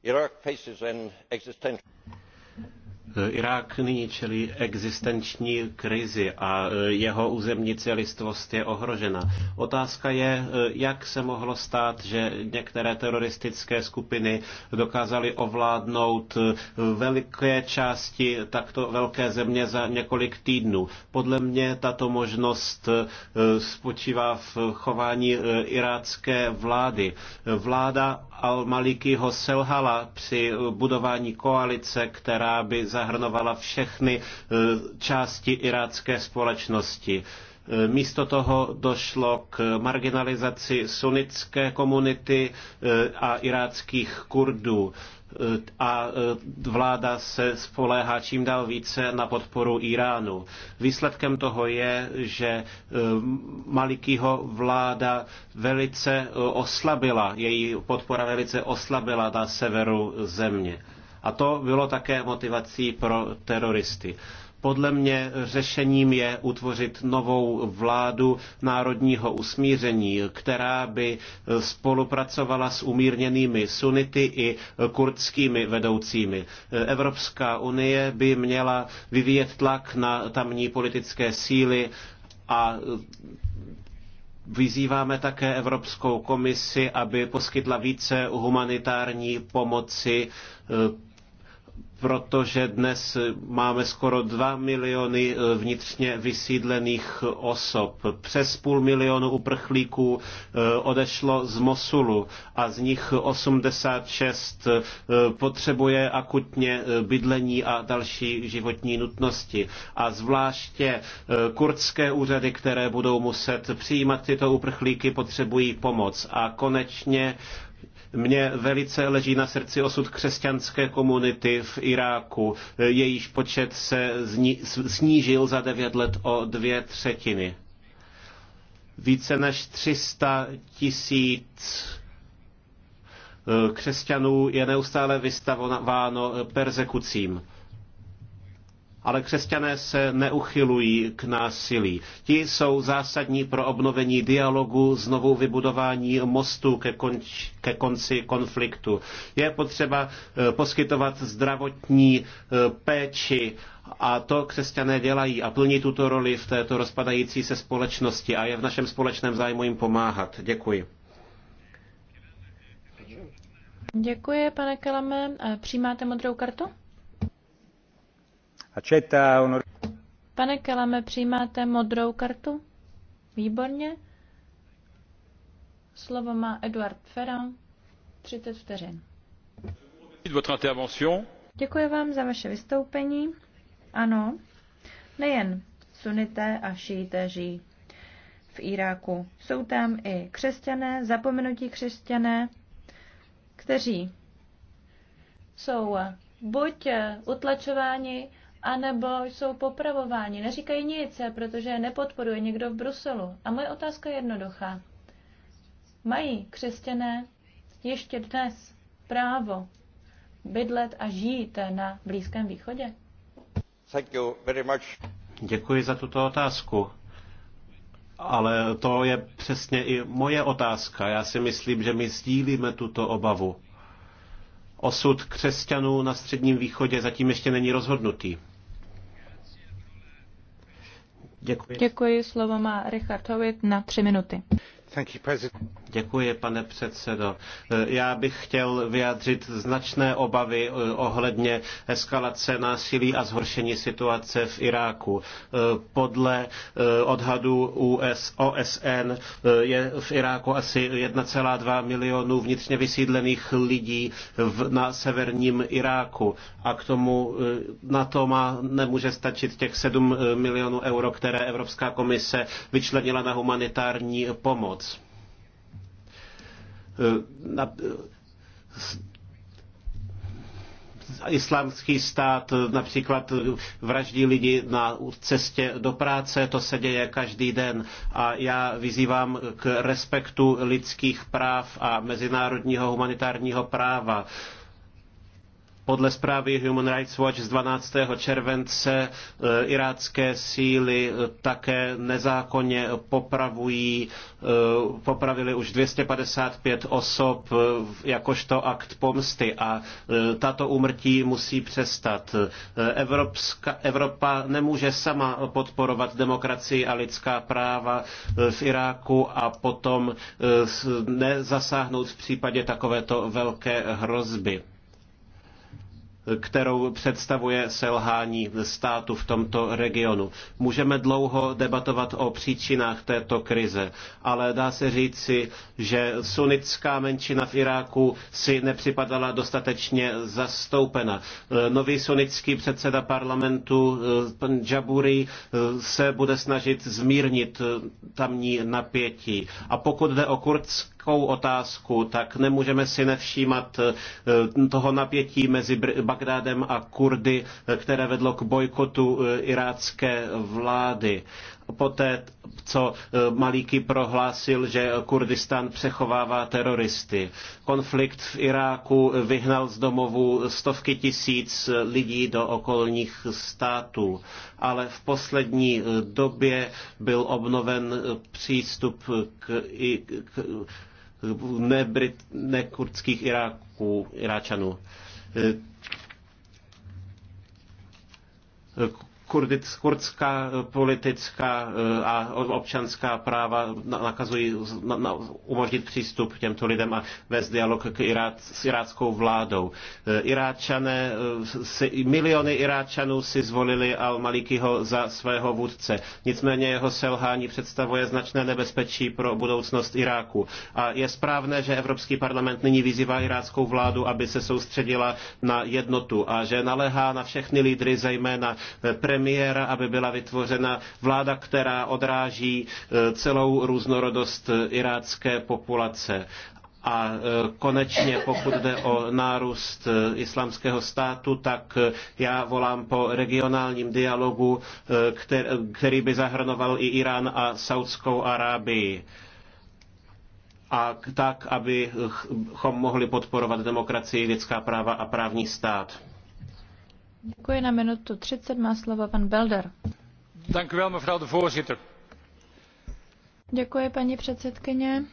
Irák Irák nyní čelí existenční krizi a e, jeho územní celistvost je ohrožena. Otázka je, e, jak se mohlo stát, že některé teroristické skupiny dokázaly ovládnout e, veliké části takto velké země za několik týdnů. Podle mě tato možnost spočívá v chování irácké vlády. Vláda al-Malikiho selhala při eh, budování koalice, která by zahrnovala všechny eh, části irácké společnosti. Eh, místo toho došlo k marginalizaci sunnické komunity a iráckých kurdů a e, vláda se spoléhá čím dál více na podporu Iránu. Výsledkem toho je, že e, Malikýho vláda velice e, oslabila, její podpora velice oslabila na severu země. A to bylo také motivací pro teroristy. Podle mě řešením je utvořit novou vládu národního usmíření, která by spolupracovala s umírněnými sunity i kurdskými vedoucími. Evropská unie by měla vyvíjet tlak na tamní politické síly a Vyzýváme také Evropskou komisi, aby poskytla více humanitární pomoci eh, protože dnes máme skoro 2 miliony eh, vnitřně vysídlených osob. Přes půl milionu uprchlíků eh, odešlo z Mosulu a z nich 86 eh, potřebuje akutně bydlení a další životní nutnosti. A zvláště kurdské úřady, které budou muset přijímat tyto uprchlíky, potřebují pomoc. A konečně mně velice leží na srdci osud křesťanské komunity v Iráku. Jejíž počet se snížil za devět let o dvě třetiny. Více než 300 tisíc eh, křesťanů je neustále vystavováno persekucím ale křesťané se neuchylují k násilí. Ti jsou zásadní pro obnovení dialogu, znovu vybudování mostu ke, konč, ke konci konfliktu. Je potřeba e, poskytovat zdravotní e, péči a to křesťané dělají a plní tuto roli v této rozpadající se společnosti a je v našem společném zájmu jim pomáhat. Děkuji. Děkuji, pane Kelame. Přijímáte modrou kartu? Pane Kelame, přijímáte modrou kartu? Výborně. Slovo má Eduard Ferran, 30 vteřin. Děkuji vám za vaše vystoupení. Ano, nejen sunité a šíité žijí v Iráku. Jsou tam i křesťané, zapomenutí křesťané, kteří jsou buď utlačováni anebo jsou popravováni. Neříkají nic, protože je nepodporuje někdo v Bruselu. A moje otázka je jednoduchá. Mají křesťané ještě dnes právo bydlet a žít na Blízkém východě? Thank you very much. Děkuji za tuto otázku. Ale to je přesně i moje otázka. Já si myslím, že my sdílíme tuto obavu. Osud křesťanů na Středním východě zatím ještě není rozhodnutý. Děkuji. Děkuji. Slovo má Richard Howitt na tři minuty. Děkuji, pane předsedo. Já bych chtěl vyjádřit značné obavy eh, ohledně eskalace násilí a zhoršení situace v Iráku. Eh, podle eh, odhadu US, OSN je v Iráku asi 1,2 milionu vnitřně vysídlených lidí na severním Iráku a k tomu na to má, nemůže stačit těch 7 milionů euro, které Evropská komise vyčlenila na humanitární pomoc Eh, na, eh, islámský stát eh, například vraždí lidi na cestě do práce, to se děje každý den. A já vyzývám k respektu lidských práv a mezinárodního humanitárního práva. Podle zprávy Human Rights Watch z 12. července e, irácké síly e, také nezákonně popravují, e, popravili už 255 osob jakožto akt pomsty a tato úmrtí musí přestat. Evropska, Evropa nemůže sama podporovat demokracii a lidská práva v Iráku a potom nezasáhnout v případě takovéto velké hrozby kterou představuje selhání státu v tomto regionu. Můžeme dlouho debatovat o příčinách této krize, ale dá se říci, že sunnitská menšina v Iráku si nepřipadala dostatečně zastoupena. Nový sunnitský předseda parlamentu, eh, pan Džaburi, eh, se bude snažit zmírnit eh, tamní napětí. A pokud jde o kurdské politickou otázku, tak nemůžeme si nevšímat eh, toho napětí mezi Bagdádem a Kurdy, eh, které vedlo k bojkotu eh, irácké vlády poté, co Malíky prohlásil, že Kurdistán přechovává teroristy. Konflikt v Iráku vyhnal z domovů stovky tisíc lidí do okolních států, ale v poslední době byl obnoven přístup k, k, nebrit, kurdských Iráků, Iráčanů. Eh, kurdská eh, politická eh, a občanská práva nakazují na, na, umožnit přístup těmto lidem a vést dialog k Irát, s iráckou vládou. Eh, Iráčané, si, miliony Iráčanů si zvolili al-Malikiho za svého vůdce. Nicméně jeho selhání představuje značné nebezpečí pro budoucnost Iráku. A je správné, že Evropský parlament nyní vyzývá iráckou vládu, aby se soustředila na jednotu a že naléhá na všechny lídry, zejména pre premiéra, aby byla vytvořena vláda, která odráží e, celou různorodost irácké populace. A e, konečně, pokud jde o nárůst e, islámského státu, tak já volám po regionálním dialogu, který by zahrnoval i Irán a Saudskou Arábii. A tak, abychom mohli podporovat demokracii, lidská práva a právní stát. Děkuji na minutu 30, má slovo pan Belder. Děkuji, paní předsedkyně.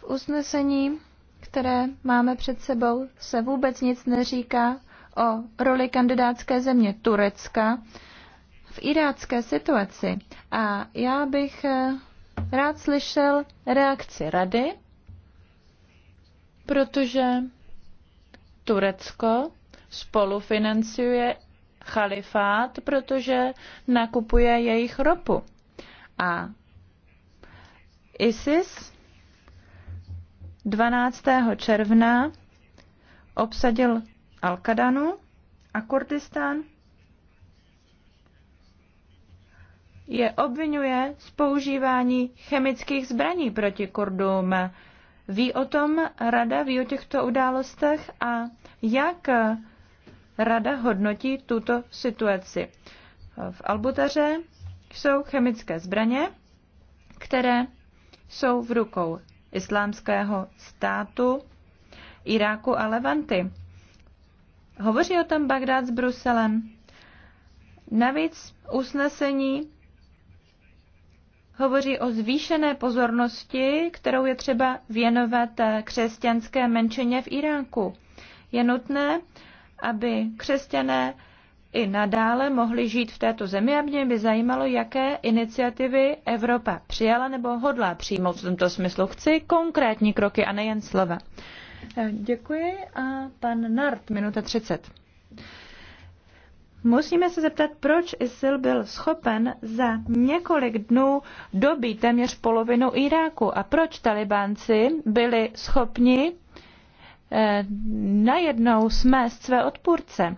V usnesení, které máme před sebou, se vůbec nic neříká o roli kandidátské země Turecka v irácké situaci. A já bych eh, rád slyšel reakci rady, protože Turecko spolufinancuje chalifát, protože nakupuje jejich ropu. A ISIS 12. června obsadil Al-Kadanu a Kurdistán je obvinuje z používání chemických zbraní proti Kurdům. Ví o tom rada, ví o těchto událostech a jak rada hodnotí tuto situaci? V Albutaře jsou chemické zbraně, které jsou v rukou islámského státu, Iráku a Levanty. Hovoří o tom Bagdád s Bruselem. Navíc usnesení hovoří o zvýšené pozornosti, kterou je třeba věnovat křesťanské menšině v Iránku. Je nutné, aby křesťané i nadále mohli žít v této zemi a mě by zajímalo, jaké iniciativy Evropa přijala nebo hodlá přijmout v tomto smyslu. Chci konkrétní kroky a nejen slova. Děkuji a pan Nart, minuta 30. Musíme se zeptat, proč ISIL byl schopen za několik dnů dobít téměř polovinu Iráku a proč talibánci byli schopni eh, najednou smést své odpůrce.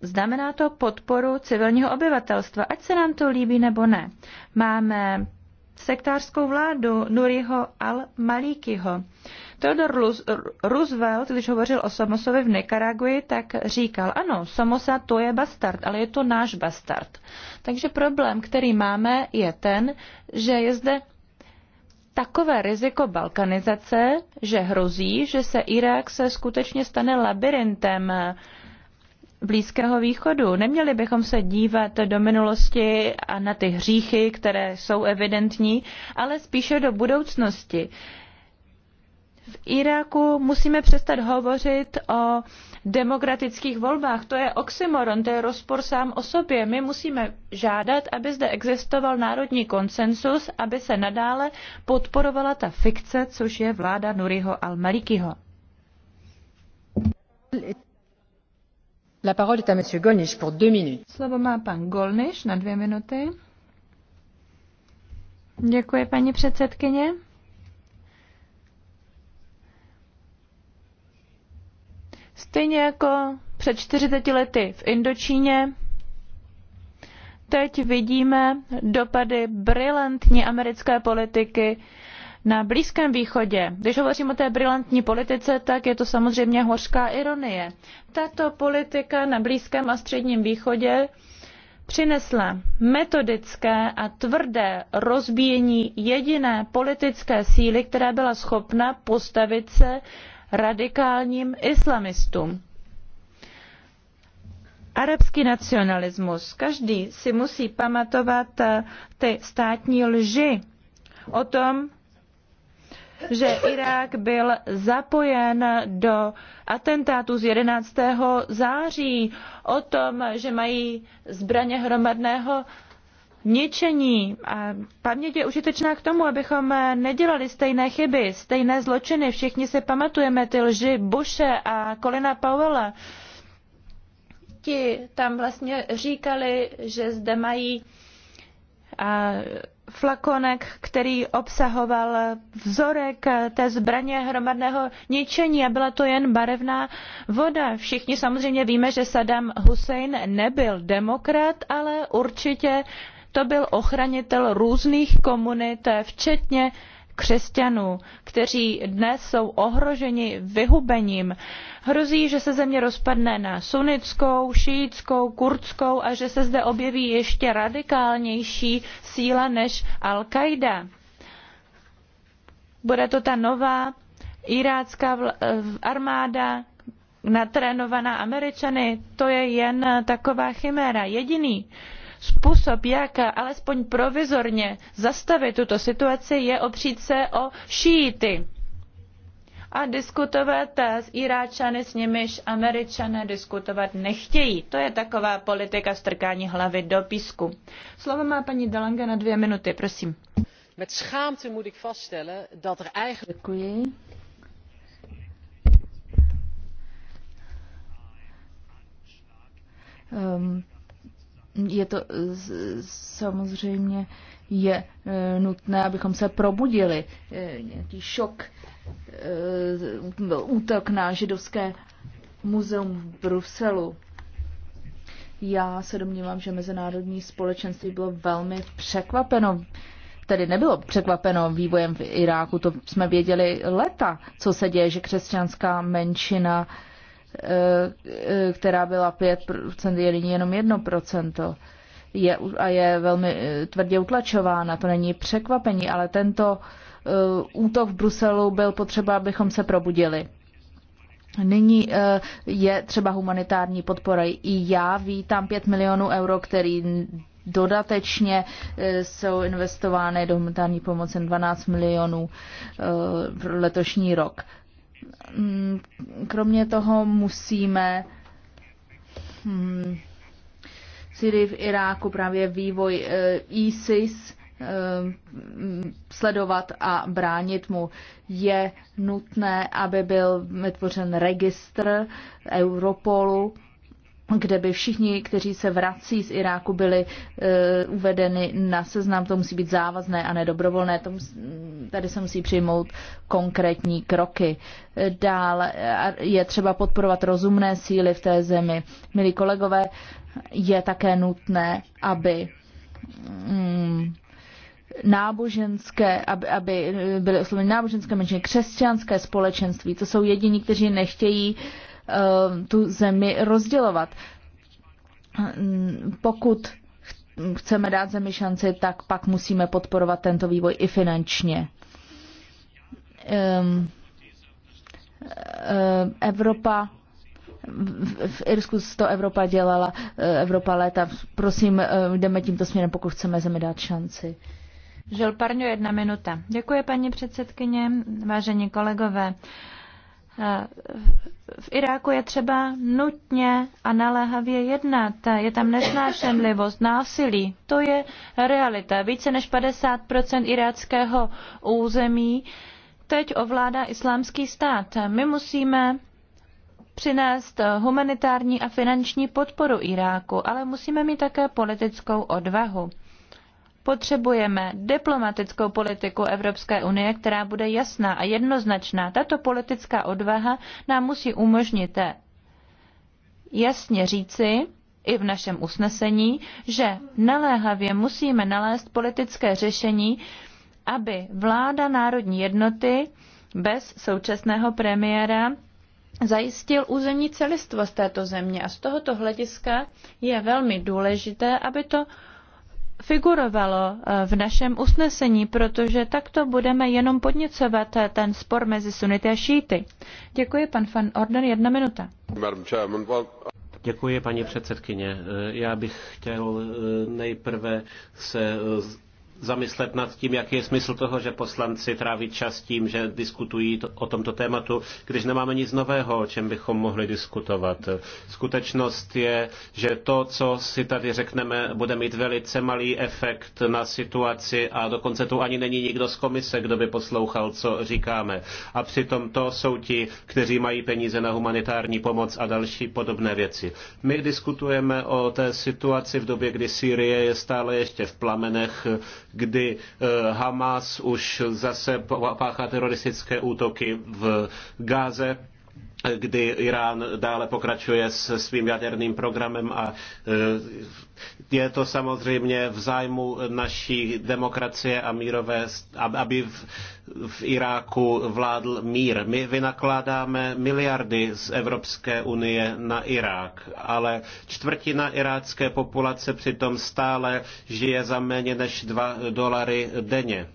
Znamená to podporu civilního obyvatelstva, ať se nám to líbí nebo ne. Máme sektářskou vládu Nuriho al-Malikiho. Eh, Theodore Roosevelt, když hovořil o Somosovi v Nikaraguji, tak říkal, ano, Somosa to je bastard, ale je to náš bastard. Takže problém, který máme, je ten, že je zde takové riziko balkanizace, že hrozí, že se Irák se skutečně stane labirintem Blízkého východu. Neměli bychom se dívat do minulosti a na ty hříchy, které jsou evidentní, ale spíše do budoucnosti v Iráku musíme přestat hovořit o demokratických volbách. To je oxymoron, to je rozpor sám o sobě. My musíme žádat, aby zde existoval národní konsensus, aby se nadále podporovala ta fikce, což je vláda Nuriho al-Malikiho. La parole est à monsieur Golnisch pour deux minutes. Slovo má pan Golnisch na dvě minuty. Děkuji, paní předsedkyně. Stejně jako před 40 lety v Indočíně, teď vidíme dopady brilantní americké politiky na Blízkém východě. Když hovořím o té brilantní politice, tak je to samozřejmě hořká ironie. Tato politika na Blízkém a Středním východě přinesla metodické a tvrdé rozbíjení jediné politické síly, která byla schopna postavit se radikálním islamistům. Arabský nacionalismus. Každý si musí pamatovat eh, ty státní lži o tom, že Irák byl zapojen do atentátu z 11. září, o tom, že mají zbraně hromadného ničení paměť je užitečná k tomu, abychom nedělali stejné chyby, stejné zločiny. Všichni si pamatujeme ty lži Bushe a Colina Powella. Ti tam vlastně říkali, že zde mají flakonek, který obsahoval vzorek té zbraně hromadného ničení a byla to jen barevná voda. Všichni samozřejmě víme, že Saddam Hussein nebyl demokrat, ale určitě to byl ochranitel různých komunit eh, včetně křesťanů kteří dnes jsou ohroženi vyhubením. hrozí že se země rozpadne na sunnitskou šíitskou kurdskou a že se zde objeví ještě radikálnější síla než al káida. bude to ta nová irácká eh, armáda natrénovaná američany to je jen taková chiméra. jediný způsob jak alespoň provizorně zastavit tuto situaci je opřít se o šíity a diskutovat s Iráčany, s nimiž Američané diskutovat nechtějí. To je taková politika strkání hlavy do písku. Slovo má paní Dalanga na dvě minuty, prosím. Met schaamte moet ik vaststellen dat er eigenlijk... Um, je to samozřejmě je e, nutné, abychom se probudili. E, nějaký šok e, byl útok na židovské muzeum v Bruselu. Já se domnívám, že mezinárodní společenství bylo velmi překvapeno tedy nebylo překvapeno vývojem v Iráku, to jsme věděli leta, co se děje, že křesťanská menšina uh, Eh, eh, která byla 5%, je jenom 1%. Je, a je velmi eh, tvrdě utlačována, to není překvapení, ale tento útok v Bruselu byl potřeba, abychom se probudili. Nyní je třeba humanitární podpora. I já vítám 5 milionů euro, který dodatečně jsou investovány do humanitární pomoci 12 milionů v letošní rok. Mm, kromě toho musíme hmm, Syrii v Iráku právě vývoj eh, ISIS eh, mm, sledovat a bránit mu. Je nutné, aby byl vytvořen registr Europolu, kde by všichni, kteří se vrací z Iráku, byli e, uvedeni na seznam. To musí být závazné a nedobrovolné. To musí, tady se musí přijmout konkrétní kroky. E, dále e, je třeba podporovat rozumné síly v té zemi. Milí kolegové, je také nutné, aby mm, náboženské, aby, aby byly osloveny náboženské menšiny, křesťanské společenství. To jsou jediní, kteří nechtějí uh, Eh, tu zemi rozdělovat. Pokud chceme dát zemi šanci, tak pak musíme podporovat tento vývoj i finančně. Eh, Evropa v Irsku to Evropa dělala, eh, Evropa léta. Prosím, jdeme tímto směrem, pokud chceme zemi dát šanci. Žil Parňo, jedna minuta. Děkuji, paní předsedkyně, vážení kolegové v Iráku je třeba nutně a naléhavě jednat. Je tam nesnášenlivost, násilí. To je realita. Více než 50 iráckého území teď ovládá islámský stát. My musíme přinést humanitární a finanční podporu Iráku, ale musíme mít také politickou odvahu. Potřebujeme diplomatickou politiku Evropské unie, která bude jasná a jednoznačná. Tato politická odvaha nám musí umožnit jasně říci, i v našem usnesení, že naléhavě musíme nalézt politické řešení, aby vláda národní jednoty bez současného premiéra zajistil územní celistvost této země. A z tohoto hlediska je velmi důležité, aby to figurovalo eh, v našem usnesení, protože takto budeme jenom podněcovat eh, ten spor mezi sunity a šíty. Děkuji, pan Van Orden, jedna minuta. Děkuji, paní předsedkyně. Eh, já bych chtěl nejprve se zamyslet nad tím, jaký je smysl toho, že poslanci tráví čas tím, že diskutují o tomto tématu, když nemáme nic nového, o čem bychom mohli diskutovat. Skutečnost je, že to, co si tady řekneme, bude mít velice malý efekt na situaci a dokonce tu ani není nikdo z komise, kdo by poslouchal, co říkáme. A přitom to jsou ti, kteří mají peníze na humanitární pomoc a další podobné věci. My diskutujeme o té situaci v době, kdy Sýrie je stále ještě v plamenech, kdy eh, Hamas už zase páchá teroristické útoky v Gáze eh, kdy Irán dále pokračuje se svým jaderným programem a eh, je to samozřejmě v zájmu naší demokracie a mírové, aby v, v Iráku vládl mír. My vynakládáme miliardy z Evropské unie na Irák, ale čtvrtina irácké populace přitom stále žije za méně než 2 dolary denně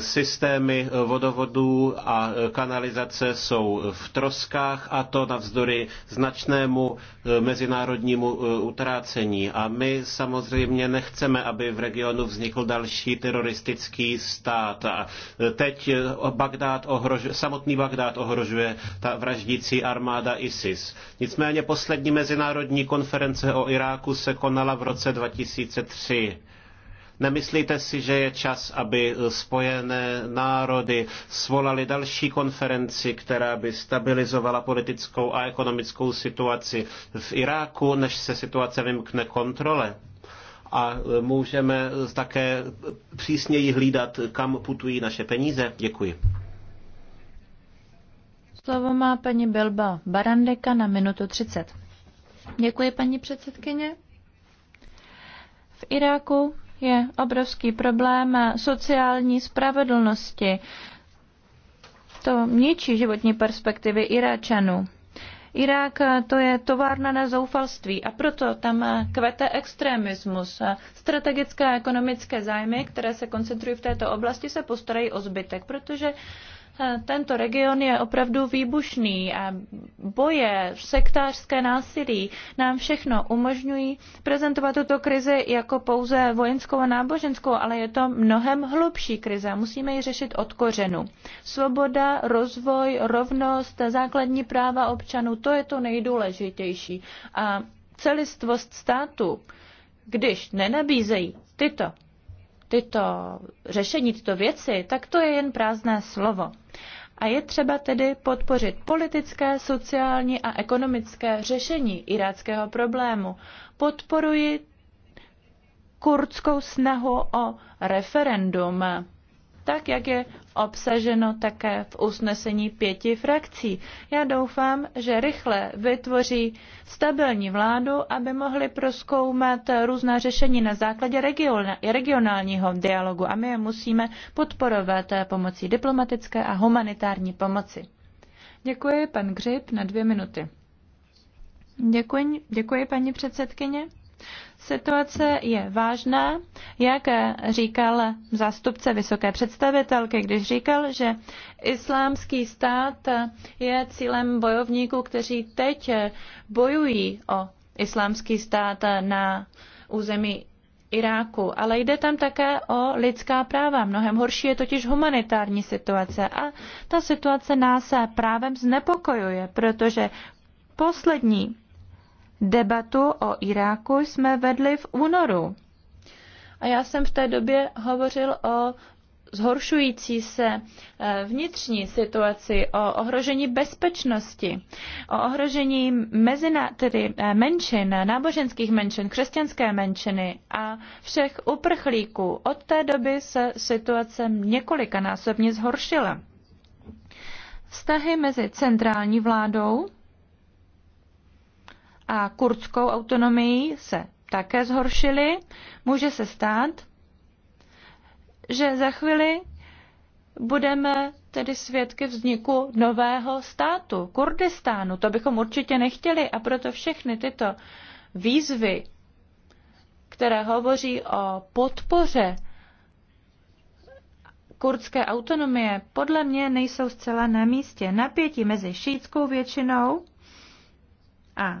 systémy vodovodů a kanalizace jsou v troskách a to navzdory značnému eh, mezinárodnímu eh, utrácení. A my samozřejmě nechceme, aby v regionu vznikl další teroristický stát. A eh, teď Bagdád ohrožuje, samotný Bagdád ohrožuje ta vraždící armáda ISIS. Nicméně poslední mezinárodní konference o Iráku se konala v roce 2003 Nemyslíte si, že je čas, aby spojené národy svolali další konferenci, která by stabilizovala politickou a ekonomickou situaci v Iráku, než se situace vymkne kontrole? A můžeme také přísněji hlídat, kam putují naše peníze? Děkuji. Slovo má paní Bilba Barandeka na minutu 30. Děkuji, paní předsedkyně. V Iráku je obrovský problém sociální spravedlnosti. To ničí životní perspektivy Iráčanů. Irák to je továrna na zoufalství a proto tam kvete extremismus. Strategické a ekonomické zájmy, které se koncentrují v této oblasti, se postarají o zbytek, protože Eh, tento region je opravdu výbušný a boje, sektářské násilí nám všechno umožňují prezentovat tuto krizi jako pouze vojenskou a náboženskou, ale je to mnohem hlubší krize. Musíme ji řešit od kořenu. Svoboda, rozvoj, rovnost, základní práva občanů, to je to nejdůležitější. A celistvost státu, když nenabízejí tyto tyto řešení, tyto věci, tak to je jen prázdné slovo. A je třeba tedy podpořit politické, sociální a ekonomické řešení iráckého problému. Podporuji kurdskou snahu o referendum tak jak je obsaženo také v usnesení pěti frakcí. Já doufám, že rychle vytvoří stabilní vládu, aby mohli proskoumat různá řešení na základě regionálního dialogu a my je musíme podporovat pomocí diplomatické a humanitární pomoci. Děkuji, pan Gřib, na dvě minuty. Děkuji, děkuji paní předsedkyně. Situace je vážná, jak říkal zástupce vysoké představitelky, když říkal, že islámský stát je cílem bojovníků, kteří teď bojují o islámský stát na území Iráku, ale jde tam také o lidská práva. Mnohem horší je totiž humanitární situace a ta situace nás právem znepokojuje, protože poslední Debatu o Iráku jsme vedli v únoru. A já jsem v té době hovořil o zhoršující se eh, vnitřní situaci, o ohrožení bezpečnosti, o ohrožení mezina, tedy eh, menšin, náboženských menšin, křesťanské menšiny a všech uprchlíků. Od té doby se situace několikanásobně zhoršila. Vztahy mezi centrální vládou a kurdskou autonomii se také zhoršily. Může se stát, že za chvíli budeme tedy svědky vzniku nového státu, Kurdistánu. To bychom určitě nechtěli a proto všechny tyto výzvy, které hovoří o podpoře kurdské autonomie, podle mě nejsou zcela na místě. Napětí mezi šítskou většinou a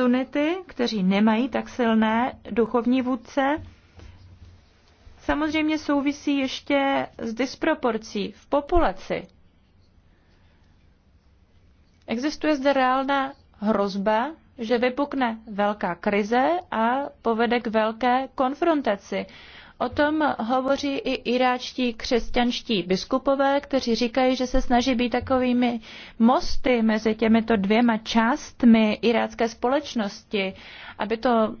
sunity, kteří nemají tak silné duchovní vůdce, samozřejmě souvisí ještě s disproporcí v populaci. Existuje zde reálná hrozba, že vypukne velká krize a povede k velké konfrontaci. O tom hovoří i iráčtí křesťanští biskupové, kteří říkají, že se snaží být takovými mosty mezi těmito dvěma částmi irácké společnosti, aby to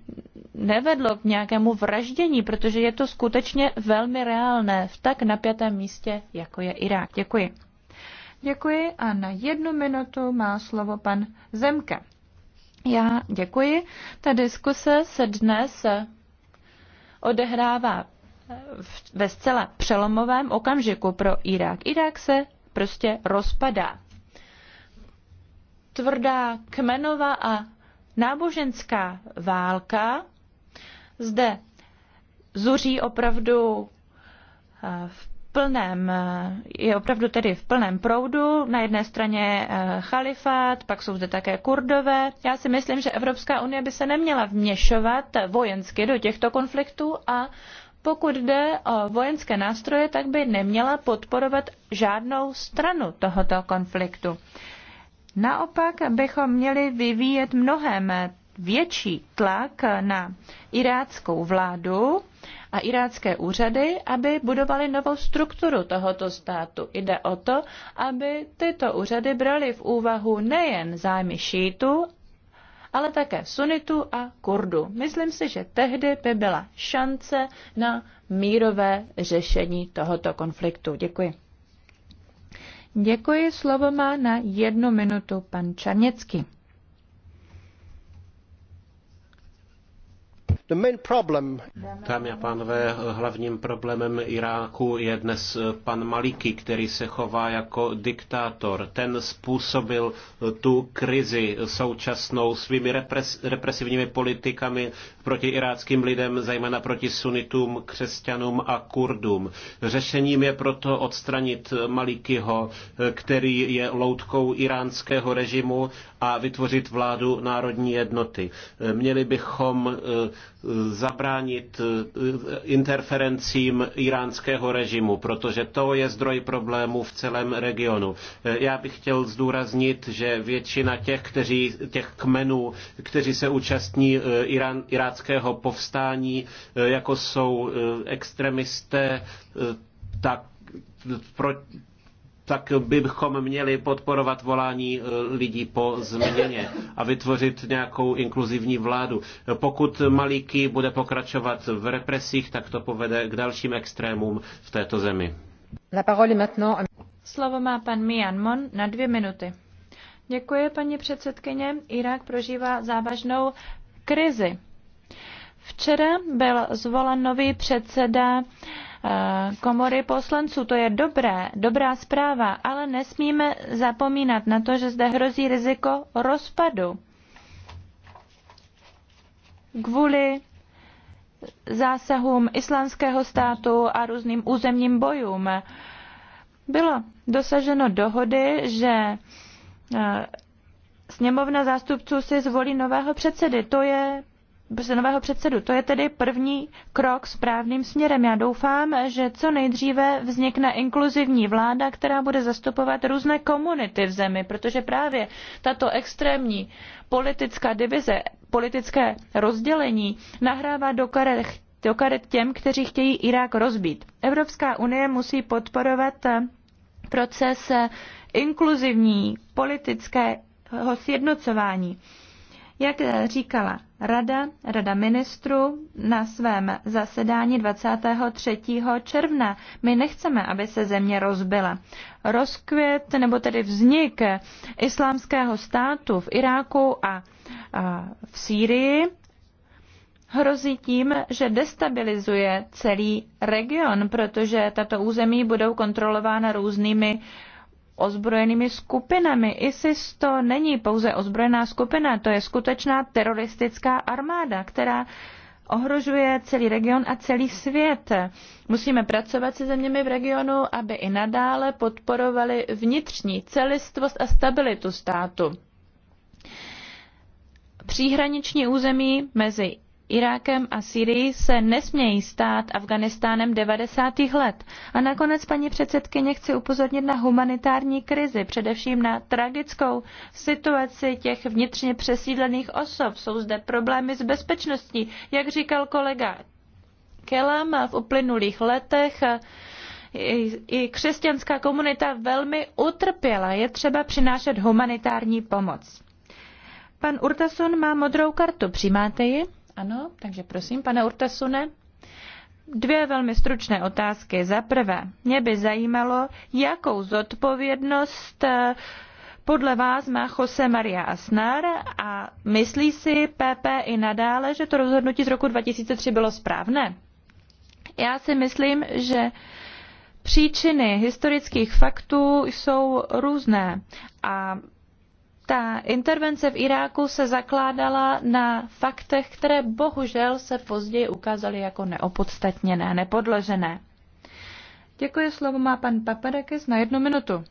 nevedlo k nějakému vraždění, protože je to skutečně velmi reálné v tak napjatém místě, jako je Irák. Děkuji. Děkuji a na jednu minutu má slovo pan Zemke. Já děkuji. Ta diskuse se dnes odehrává ve zcela přelomovém okamžiku pro Irák. Irák se prostě rozpadá. Tvrdá kmenová a náboženská válka zde zuří opravdu eh, v plném, eh, je opravdu tedy v plném proudu. Na jedné straně eh, chalifát, pak jsou zde také kurdové. Já si myslím, že Evropská unie by se neměla vměšovat vojensky do těchto konfliktů a pokud jde o vojenské nástroje, tak by neměla podporovat žádnou stranu tohoto konfliktu. Naopak bychom měli vyvíjet mnohem větší tlak na iráckou vládu, a irácké úřady, aby budovali novou strukturu tohoto státu. Jde o to, aby tyto úřady braly v úvahu nejen zájmy šítů, ale také sunitu a kurdu. Myslím si, že tehdy by byla šance na mírové řešení tohoto konfliktu. Děkuji. Děkuji, slovo má na jednu minutu pan Čarněcký. Dámy a pánové, hlavním problémem Iráku je dnes pan Maliki, který se chová jako diktátor. Ten způsobil tu krizi současnou svými repres, represivními politikami, proti iráckým lidem, zejména proti sunitům, křesťanům a kurdům. Řešením je proto odstranit Malikyho, který je loutkou iránského režimu a vytvořit vládu národní jednoty. Měli bychom eh, zabránit eh, interferencím iránského režimu, protože to je zdroj problémů v celém regionu. Eh, já bych chtěl zdůraznit, že většina těch, kteří, těch kmenů, kteří se účastní irán, irácké iráckého povstání, eh, jako jsou eh, extremisté, eh, tak pro, tak bychom měli podporovat volání lidí po změně a vytvořit nějakou inkluzivní vládu. Pokud Malíky bude pokračovat v represích, tak to povede k dalším extrémům v této zemi. Slovo má pan Mian Mon na dvě minuty. Děkuji, paní předsedkyně. Irák prožívá závažnou krizi. Včera byl zvolen nový předseda eh, komory poslanců. To je dobré, dobrá zpráva, ale nesmíme zapomínat na to, že zde hrozí riziko rozpadu kvůli zásahům islánského státu a různým územním bojům. Bylo dosaženo dohody, že eh, sněmovna zástupců si zvolí nového předsedy. To je z nového předsedu. To je tedy první krok správným směrem. Já doufám, že co nejdříve vznikne inkluzivní vláda, která bude zastupovat různé komunity v zemi, protože právě tato extrémní politická divize, politické rozdělení nahrává do karet, do karet těm, kteří chtějí Irák rozbít. Evropská unie musí podporovat eh, proces eh, inkluzivní politického sjednocování. Jak eh, říkala Rada, Rada ministru na svém zasedání 23. června. My nechceme, aby se země rozbila. Rozkvět nebo tedy vznik islámského státu v Iráku a, a v Sýrii hrozí tím, že destabilizuje celý region, protože tato území budou kontrolována různými uh, ozbrojenými skupinami. ISIS to není pouze ozbrojená skupina, to je skutečná teroristická armáda, která ohrožuje celý region a celý svět. Musíme pracovat se zeměmi v regionu, aby i nadále podporovali vnitřní celistvost a stabilitu státu. Příhraniční území mezi Irákem a Syrií se nesmějí stát Afganistánem 90. let. A nakonec, paní předsedkyně, chci upozornit na humanitární krizi, především na tragickou situaci těch vnitřně přesídlených osob. Jsou zde problémy s bezpečností, jak říkal kolega Kelam v uplynulých letech i křesťanská komunita velmi utrpěla. Je třeba přinášet humanitární pomoc. Pan Urtasun má modrou kartu. Přijímáte ji? Ano, takže prosím, pane Urtasune. Dvě velmi stručné otázky. Za prvé, mě by zajímalo, jakou zodpovědnost eh, podle vás má Jose Maria Asnar a myslí si PP i nadále, že to rozhodnutí z roku 2003 bylo správné? Já si myslím, že příčiny historických faktů jsou různé a ta intervence v Iráku se zakládala na faktech, které bohužel se později ukázaly jako neopodstatněné, nepodložené. Děkuji, slovo má pan Papadakis na jednu minutu.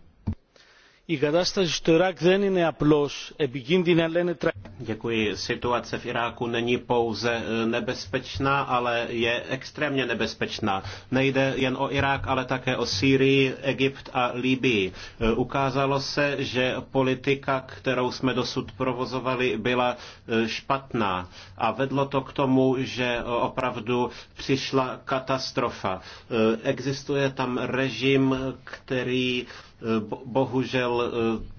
Situace v Iráku není pouze e, nebezpečná, ale je extrémně nebezpečná. Nejde jen o Irák, ale také o Sýrii, Egypt a Libii. E, ukázalo se, že politika, kterou jsme dosud provozovali, byla e, špatná a vedlo to k tomu, že opravdu přišla katastrofa. Existuje tam režim, který Eh, bohužel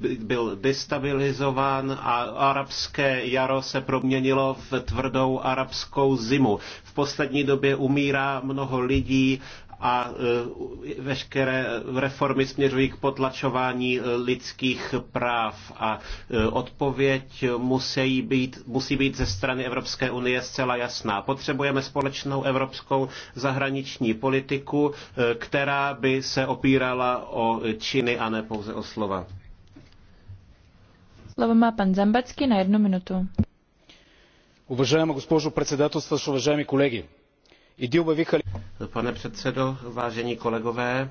eh, byl destabilizován a arabské jaro se proměnilo v tvrdou arabskou zimu. V poslední době umírá mnoho lidí, a e, veškeré reformy směřují k potlačování e, lidských práv a e, odpověď musí být, musí být ze strany Evropské unie zcela jasná. Potřebujeme společnou evropskou zahraniční politiku, která by se opírala o činy a ne pouze o slova. Slovo má pan Zambacký na jednu minutu. Уважаема госпожо председателстващ, уважаеми колеги! Pane předsedo, vážení kolegové, eh,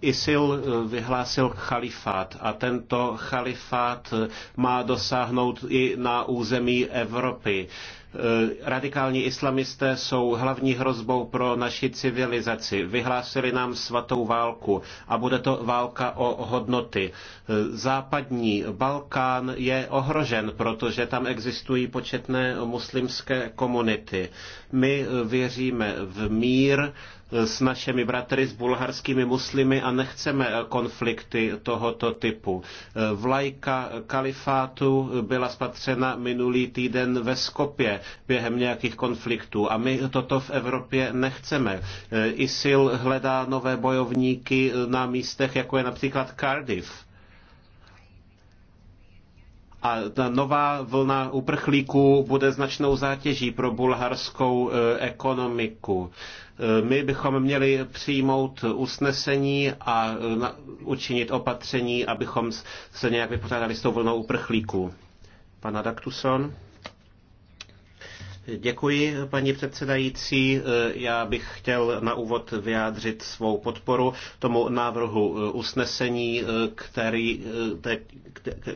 ISIL eh, vyhlásil chalifát a tento chalifát má dosáhnout i na území Evropy. Eh, radikální islamisté jsou hlavní hrozbou pro naši civilizaci. Vyhlásili nám svatou válku a bude to válka o hodnoty. Eh, západní Balkán je ohrožen, protože tam existují početné muslimské komunity. My eh, věříme v mír, s našimi bratry, s bulharskými muslimy a nechceme konflikty tohoto typu. Vlajka kalifátu byla spatřena minulý týden ve Skopě během nějakých konfliktů a my toto v Evropě nechceme. ISIL hledá nové bojovníky na místech, jako je například Cardiff a ta nová vlna uprchlíků bude značnou zátěží pro bulharskou e, ekonomiku. E, my bychom měli přijmout usnesení a e, učinit opatření, abychom se nějak vypořádali s tou vlnou uprchlíků. Pan Adaktuson. Děkuji, paní předsedající. Já bych chtěl na úvod vyjádřit svou podporu tomu návrhu usnesení, který,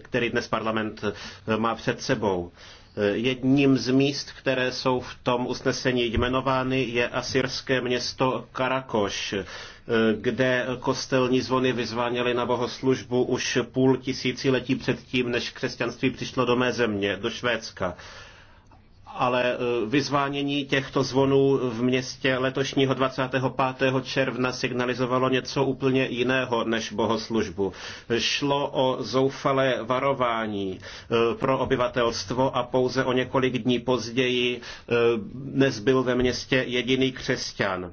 který dnes parlament má před sebou. Jedním z míst, které jsou v tom usnesení jmenovány, je asyrské město Karakoš, kde kostelní zvony vyzváněly na bohoslužbu už půl tisíciletí předtím, než křesťanství přišlo do mé země, do Švédska ale e, vyzvánění těchto zvonů v městě letošního 25. června signalizovalo něco úplně jiného než bohoslužbu. Šlo o zoufalé varování e, pro obyvatelstvo a pouze o několik dní později e, nezbyl ve městě jediný křesťan.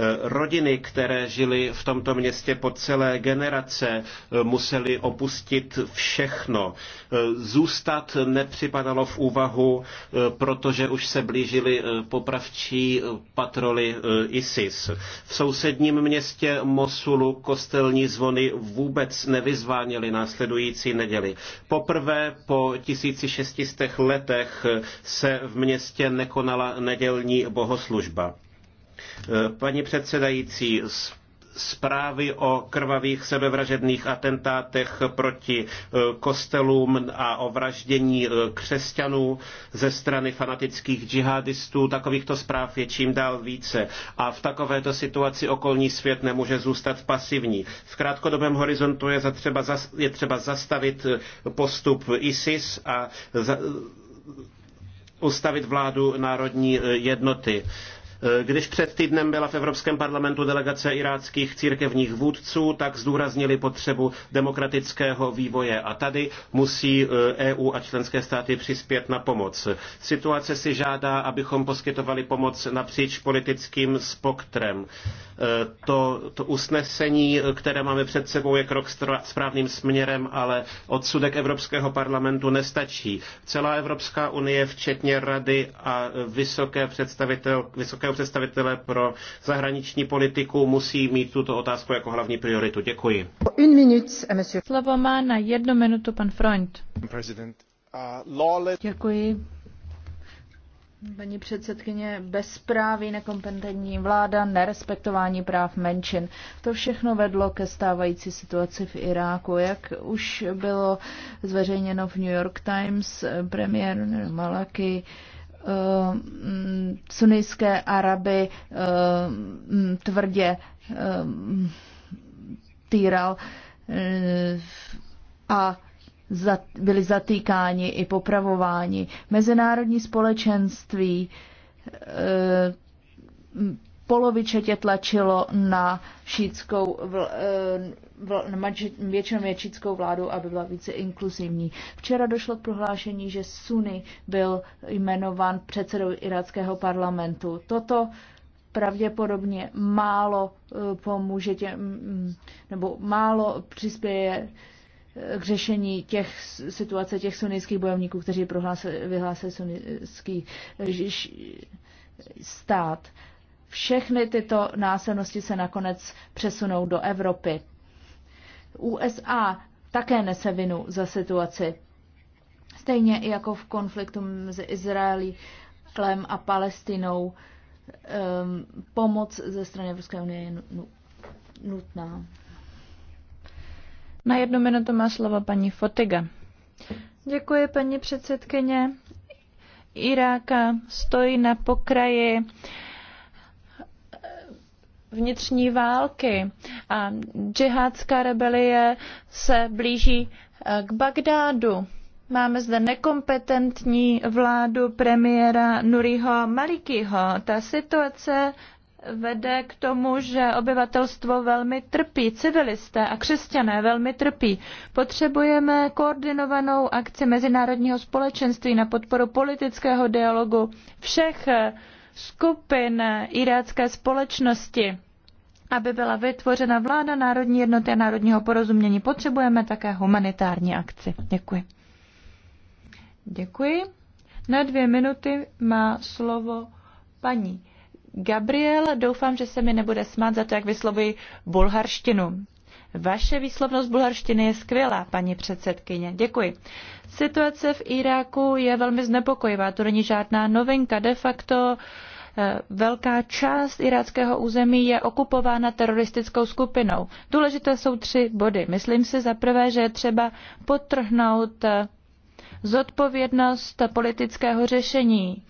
Eh, rodiny, které žily v tomto městě po celé generace, eh, museli opustit všechno. Eh, zůstat nepřipadalo v úvahu, protože už se blížily popravčí patroly ISIS. V sousedním městě Mosulu kostelní zvony vůbec nevyzváněly následující neděli. Poprvé po 1600 letech se v městě nekonala nedělní bohoslužba. Paní předsedající, zprávy o krvavých sebevražedných atentátech proti eh, kostelům a o vraždění eh, křesťanů ze strany fanatických džihadistů. Takovýchto zpráv je čím dál více. A v takovéto situaci okolní svět nemůže zůstat pasivní. V krátkodobém horizontu je, třeba, je třeba zastavit eh, postup ISIS a za, ustavit vládu národní jednoty Eh, když před týdnem byla v Evropském parlamentu delegace iráckých církevních vůdců, tak zdůraznili potřebu demokratického vývoje a tady musí EU eh, e a členské státy přispět na pomoc. Situace si žádá, abychom poskytovali pomoc napříč politickým spektrem. Eh, to, to usnesení, které máme před sebou, je krok správným směrem, ale odsudek Evropského parlamentu nestačí. Celá Evropská unie, včetně Rady a vysoké představitel, vysoké vysokého představitele pro zahraniční politiku musí mít tuto otázku jako hlavní prioritu. Děkuji. Eh, Slovo má na jednu minutu pan Freund. Děkuji. Paní předsedkyně, bezpráví, nekompetentní vláda, nerespektování práv menšin. To všechno vedlo ke stávající situaci v Iráku. Jak už bylo zveřejněno v New York Times, eh, premiér Malaki Eh, sunnické Araby eh, tvrdě eh, týral a byli zatýkáni i popravováni. Mezinárodní společenství polovičetě tlačilo na šítskou vl, eh, vl, většinově šítskou vládu, aby byla více inkluzivní. Včera došlo k prohlášení, že Sunny byl jmenován předsedou iráckého parlamentu. Toto pravděpodobně málo eh, pomůže těm, mm, mm, nebo málo přispěje eh, k řešení těch situace těch sunnických bojovníků, kteří vyhlásili sunnický stát. Všechny tyto násilnosti se nakonec přesunou do Evropy. USA také nese vinu za situaci. Stejně i jako v konfliktu mezi Izraelem a Palestinou, um, pomoc ze strany Evropské unie je nutná. Na jednu minutu má slovo paní Fotiga. Děkuji, paní předsedkyně. Irák stojí na pokraji uh, vnitřní války a džihádská rebelie se blíží eh, k Bagdádu. Máme zde nekompetentní vládu premiéra Nuriho Malikiho. Ta situace vede k tomu, že obyvatelstvo velmi trpí, civilisté a křesťané velmi trpí. Potřebujeme koordinovanou akci mezinárodního společenství na podporu politického dialogu všech eh, skupin irácké společnosti, aby byla vytvořena vláda Národní jednoty a národního porozumění. Potřebujeme také humanitární akci. Děkuji. Děkuji. Na dvě minuty má slovo paní Gabriel. Doufám, že se mi nebude smát za to, jak vyslovuji bulharštinu. Vaše výslovnost bulharštiny je skvělá, paní předsedkyně. Děkuji. Situace v Iráku je velmi znepokojivá, to není žádná novinka. De facto eh, velká část iráckého území je okupována teroristickou skupinou. Důležité jsou tři body. Myslím si zaprvé, že je třeba potrhnout eh, zodpovědnost politického řešení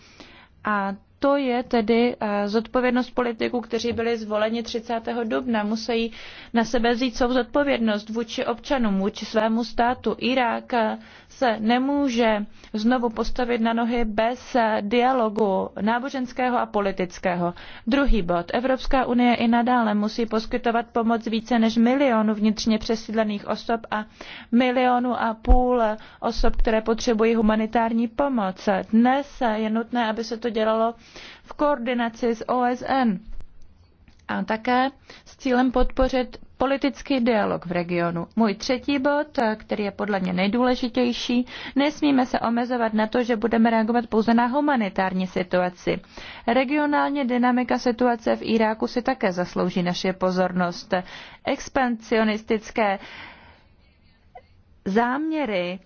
a to je tedy eh, zodpovědnost politiků, kteří byli zvoleni 30. dubna. Musí na sebe vzít svou zodpovědnost vůči občanům, vůči svému státu. Irák eh, se nemůže znovu postavit na nohy bez eh, dialogu náboženského a politického. Druhý bod. Evropská unie i nadále musí poskytovat pomoc více než milionu vnitřně přesídlených osob a milionu a půl osob, které potřebují humanitární pomoc. Dnes je nutné, aby se to dělalo v koordinaci s OSN a také s cílem podpořit politický dialog v regionu. Můj třetí bod, který je podle mě nejdůležitější, nesmíme se omezovat na to, že budeme reagovat pouze na humanitární situaci. Regionálně dynamika situace v Iráku si také zaslouží naše pozornost. Expansionistické záměry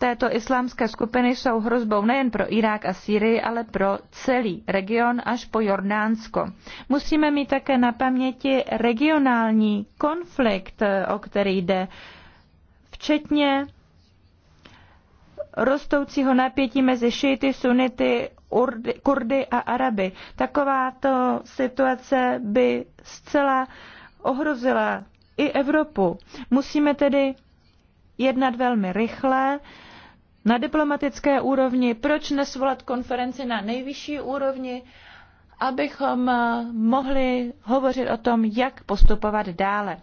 této islámské skupiny jsou hrozbou nejen pro Irák a Sýrii, ale pro celý region až po Jordánsko. Musíme mít také na paměti regionální konflikt, o který jde, včetně rostoucího napětí mezi šity, sunity, urdy, kurdy a araby. Takováto situace by zcela ohrozila i Evropu. Musíme tedy jednat velmi rychle, na diplomatické úrovni, proč nesvolat konferenci na nejvyšší úrovni, abychom eh, mohli hovořit o tom, jak postupovat dále.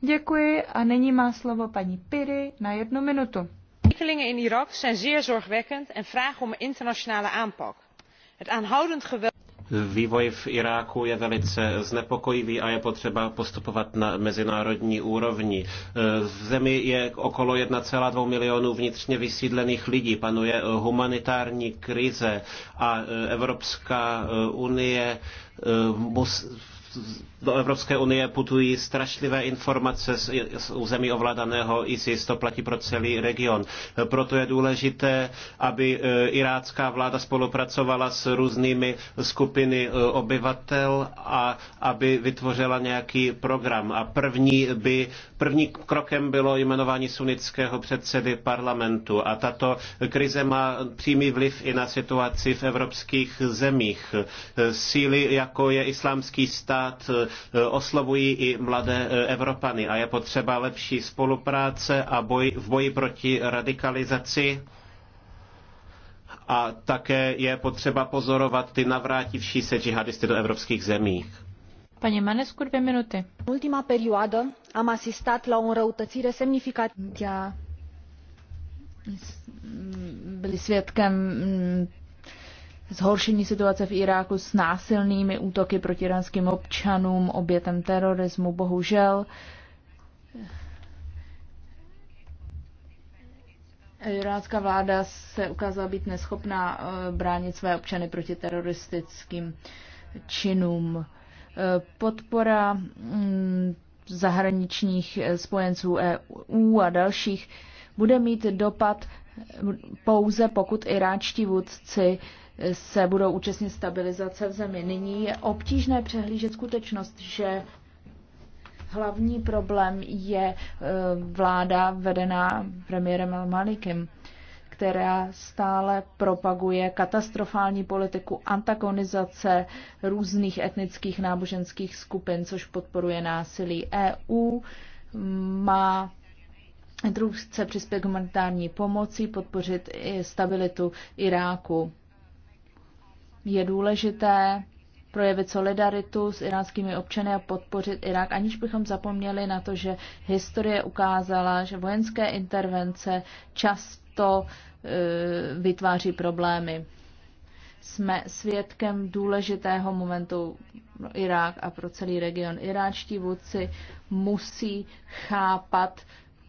Děkuji a nyní má slovo paní Piri na jednu minutu. Ontwikkelingen in Irak zijn zeer zorgwekkend en vragen om internationale aanpak. Het aanhoudend geweld. Vývoj v Iráku je velice znepokojivý a je potřeba postupovat na mezinárodní úrovni. V zemi je okolo 1,2 milionů vnitřně vysídlených lidí, panuje humanitární krize a Evropská unie mus, do Evropské unie putují strašlivé informace z území ovládaného ISIS, to platí pro celý region. Proto je důležité, aby e, irácká vláda spolupracovala s různými skupiny e, obyvatel a aby vytvořila nějaký program. A první, by, první krokem bylo jmenování sunnického předsedy parlamentu. A tato krize má přímý vliv i na situaci v evropských zemích. E, síly, jako je islámský stát, Eh, oslovují i mladé eh, Evropany a je potřeba lepší spolupráce a boj, v boji proti radikalizaci a také je potřeba pozorovat ty navrátivší se džihadisty do evropských zemí. Paní Manescu, dvě minuty. Ultima perioadă am asistat la o înrăutățire semnificativă. Byli svědkem zhoršení situace v Iráku s násilnými útoky proti iránským občanům, obětem terorismu, bohužel. Iránská vláda se ukázala být neschopná eh, bránit své občany proti teroristickým činům. Eh, podpora mm, zahraničních eh, spojenců EU a dalších bude mít dopad pouze pokud iráčtí vůdci se budou účastnit stabilizace v zemi. Nyní je obtížné přehlížet skutečnost, že hlavní problém je eh, vláda vedená premiérem Malikem, která stále propaguje katastrofální politiku antagonizace různých etnických náboženských skupin, což podporuje násilí. EU má druh chce přispět k humanitární pomoci, podpořit i stabilitu Iráku. Je důležité projevit solidaritu s iránskými občany a podpořit Irák, aniž bychom zapomněli na to, že historie ukázala, že vojenské intervence často e, vytváří problémy. Jsme svědkem důležitého momentu pro Irák a pro celý region. Iráčtí vůdci musí chápat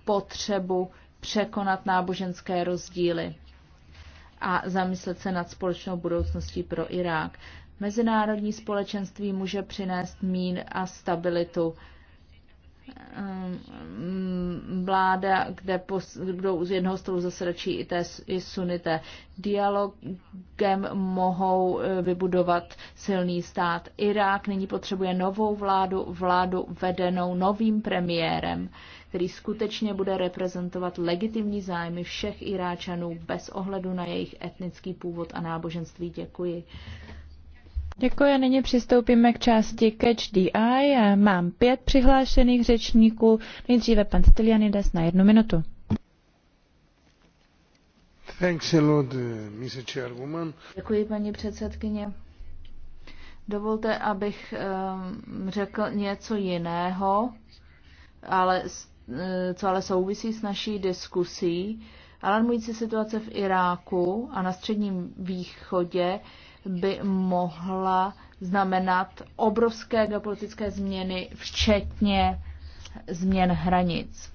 potřebu překonat náboženské rozdíly a zamyslet se nad společnou budoucností pro Irák. Mezinárodní společenství může přinést mír a stabilitu. Ehm, mm, vláda, kde pos, budou z jednoho stolu zasedačí i, té, i sunité, dialogem mohou e, vybudovat silný stát. Irák nyní potřebuje novou vládu, vládu vedenou novým premiérem který skutečně bude reprezentovat legitimní zájmy všech Iráčanů bez ohledu na jejich etnický původ a náboženství. Děkuji. Děkuji a nyní přistoupíme k části Catch the Eye. Mám pět přihlášených řečníků. Nejdříve pan Stylianides na jednu minutu. Thanks a lot, eh, Děkuji, paní předsedkyně. Dovolte, abych um, řekl něco jiného, ale Eh, co ale souvisí s naší diskusí. Alarmující situace v Iráku a na Středním východě by mohla znamenat obrovské geopolitické změny, včetně změn hranic.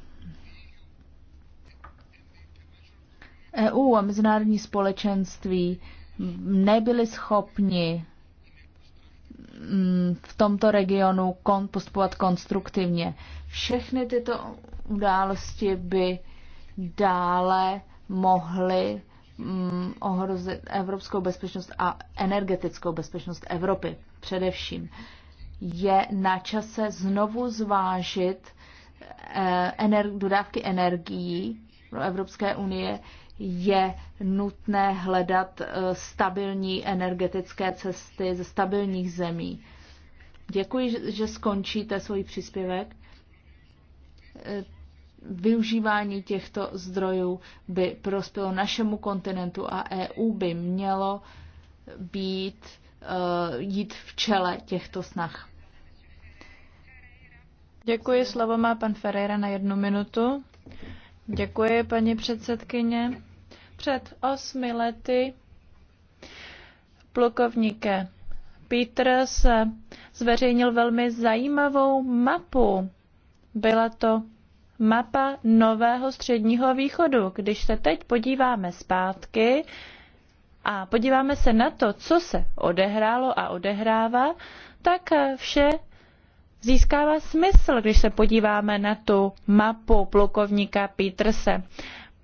EU a mezinárodní společenství nebyly schopni Mm, v tomto regionu postupovat konstruktivně. Všechny tyto události by dále mohly mm, ohrozit evropskou bezpečnost a energetickou bezpečnost Evropy především. Je na čase znovu zvážit eh, dodávky energií pro Evropské unie je nutné hledat eh, stabilní energetické cesty ze stabilních zemí. Děkuji, že skončíte svůj příspěvek. Eh, využívání těchto zdrojů by prospělo našemu kontinentu a EU by mělo být, eh, jít v čele těchto snah. Děkuji, slovo má pan Ferreira na jednu minutu. Děkuji, paní předsedkyně. Před osmi lety plukovníke Peters zveřejnil velmi zajímavou mapu. Byla to mapa Nového středního východu. Když se teď podíváme zpátky a podíváme se na to, co se odehrálo a odehrává, tak vše získává smysl, když se podíváme na tu mapu plukovníka Peterse.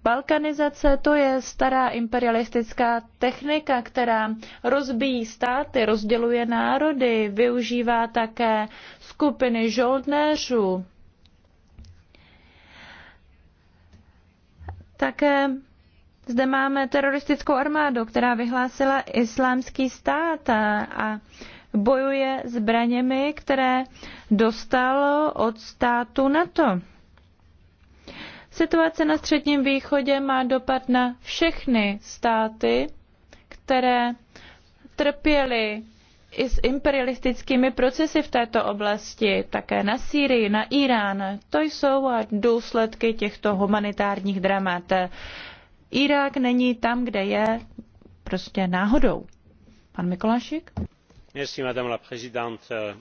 Balkanizace to je stará imperialistická technika, která rozbíjí státy, rozděluje národy, využívá také skupiny žoldnéřů. Také zde máme teroristickou armádu, která vyhlásila islámský stát a, a bojuje zbraněmi, které dostalo od státu NATO. Situace na Středním východě má dopad na všechny státy, které trpěly i s imperialistickými procesy v této oblasti, také na Sýrii, na Irán. To jsou důsledky těchto humanitárních dramat. Irák není tam, kde je, prostě náhodou. Pan Mikolášik? Eh,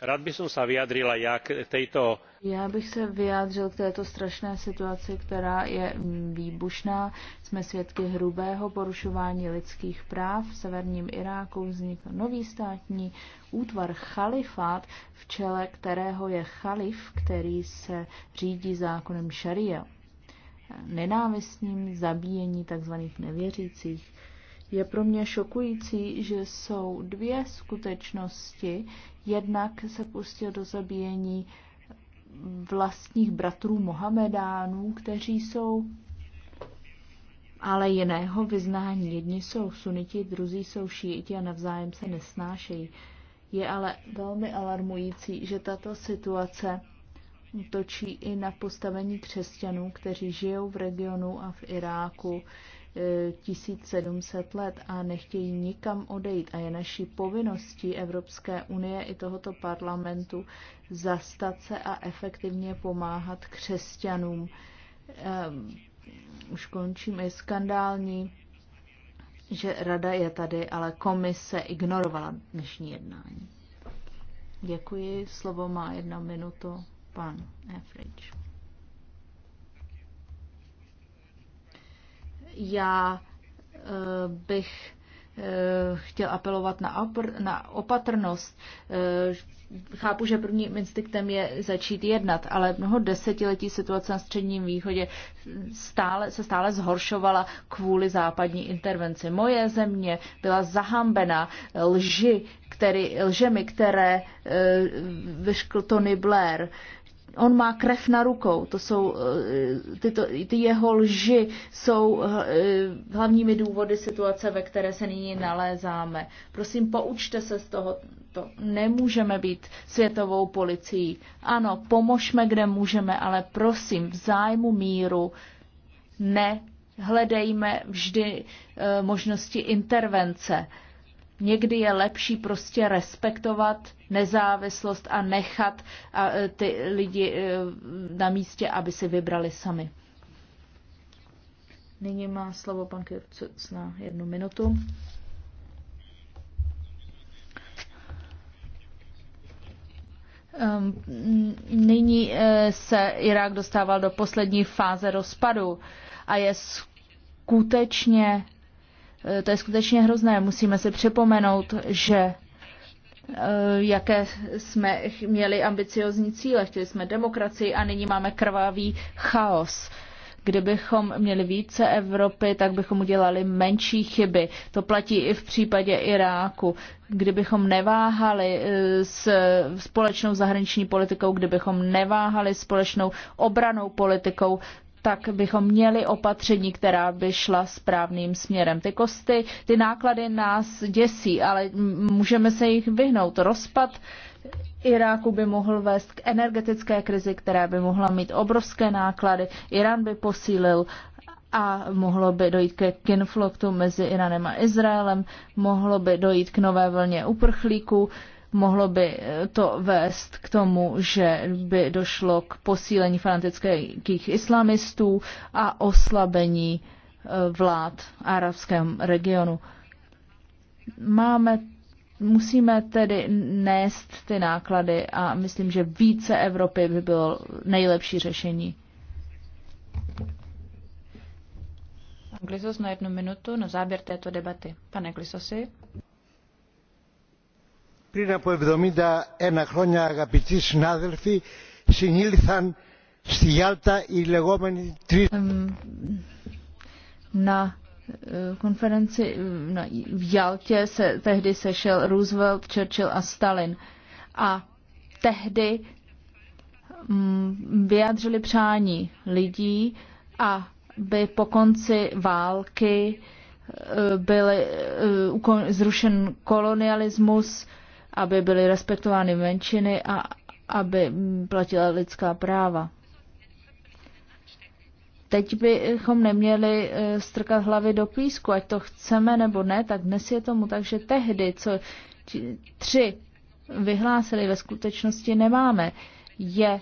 rád bych sa vyjadril aj ja k tejto. já bych se vyjádřil k této strašné situaci která je výbušná. jsme svědky hrubého porušování lidských práv. v severním iráku vznikl nový státní útvar chalifát v čele kterého je chalif který se řídí zákonem šaria nenávistným zabíjení tzv. nevěřících je pro mě šokující, že jsou dvě skutečnosti. Jednak se pustil do zabíjení vlastních bratrů Mohamedánů, kteří jsou ale jiného vyznání. Jedni jsou suniti, druzí jsou šíti a navzájem se nesnášejí. Je ale velmi alarmující, že tato situace točí i na postavení křesťanů, kteří žijou v regionu a v Iráku, 1700 let a nechtějí nikam odejít. A je naší povinností Evropské unie i tohoto parlamentu zastat se a efektivně pomáhat křesťanům. Ehm, už končím, je skandální, že rada je tady, ale komise ignorovala dnešní jednání. Děkuji, slovo má jedna minuto pan Efridge. Já eh, bych eh, chtěl apelovat na, opr- na opatrnost. Eh, chápu, že prvním instinktem je začít jednat, ale mnoho desetiletí situace na Středním východě stále, se stále zhoršovala kvůli západní intervenci. Moje země byla zahambena lži, který, lžemi, které vyškl Tony Blair on má krev na rukou, to jsou, eh, tyto, ty jeho lži jsou eh, hlavními důvody situace, ve které se nyní nalézáme. Prosím, poučte se z toho, to nemůžeme být světovou policií. Ano, pomožme, kde můžeme, ale prosím, v zájmu míru ne hledejme vždy eh, možnosti intervence. Někdy je lepší prostě respektovat nezávislost a nechat e, ty lidi e, na místě, aby si vybrali sami. Nyní má slovo pan Kircuc na jednu minutu. Nyní e, se Irák dostával do poslední fáze rozpadu a je skutečně Eh, to je skutečně hrozné. Musíme si připomenout, že eh, jaké jsme měli ambiciozní cíle. Chtěli jsme demokracii a nyní máme krvavý chaos. Kdybychom měli více Evropy, tak bychom udělali menší chyby. To platí i v případě Iráku. Kdybychom neváhali eh, s společnou zahraniční politikou, kdybychom neváhali společnou obranou politikou, tak bychom měli opatření, která by šla správným směrem. Ty kosty, ty náklady nás děsí, ale můžeme se jich vyhnout. Rozpad Iráku by mohl vést k energetické krizi, která by mohla mít obrovské náklady. Irán by posílil a mohlo by dojít ke kinfloktu mezi Iránem a Izraelem, mohlo by dojít k nové vlně uprchlíků mohlo by eh, to vést k tomu, že by došlo k posílení fanatických islamistů a oslabení eh, vlád arabském regionu. Máme, musíme tedy nést ty náklady a myslím, že více Evropy by bylo nejlepší řešení. Pan Glisos na jednu minutu na závěr této debaty. Pane Glisosi πριν από 71 χρόνια αγαπητοί συνάδελφοι συνήλθαν στη Γιάλτα οι λεγόμενοι τρεις... Να konferenci na, v Jaltě se tehdy sešel Roosevelt, Churchill a Stalin. A tehdy mm, vyjádřili přání lidí, aby po konci války e, byl e, zrušen kolonialismus, aby byly respektovány menšiny a aby platila lidská práva. Teď bychom neměli eh, strkat hlavy do písku, ať to chceme nebo ne, tak dnes je tomu tak, že tehdy, co tři vyhlásili, ve skutečnosti nemáme. Je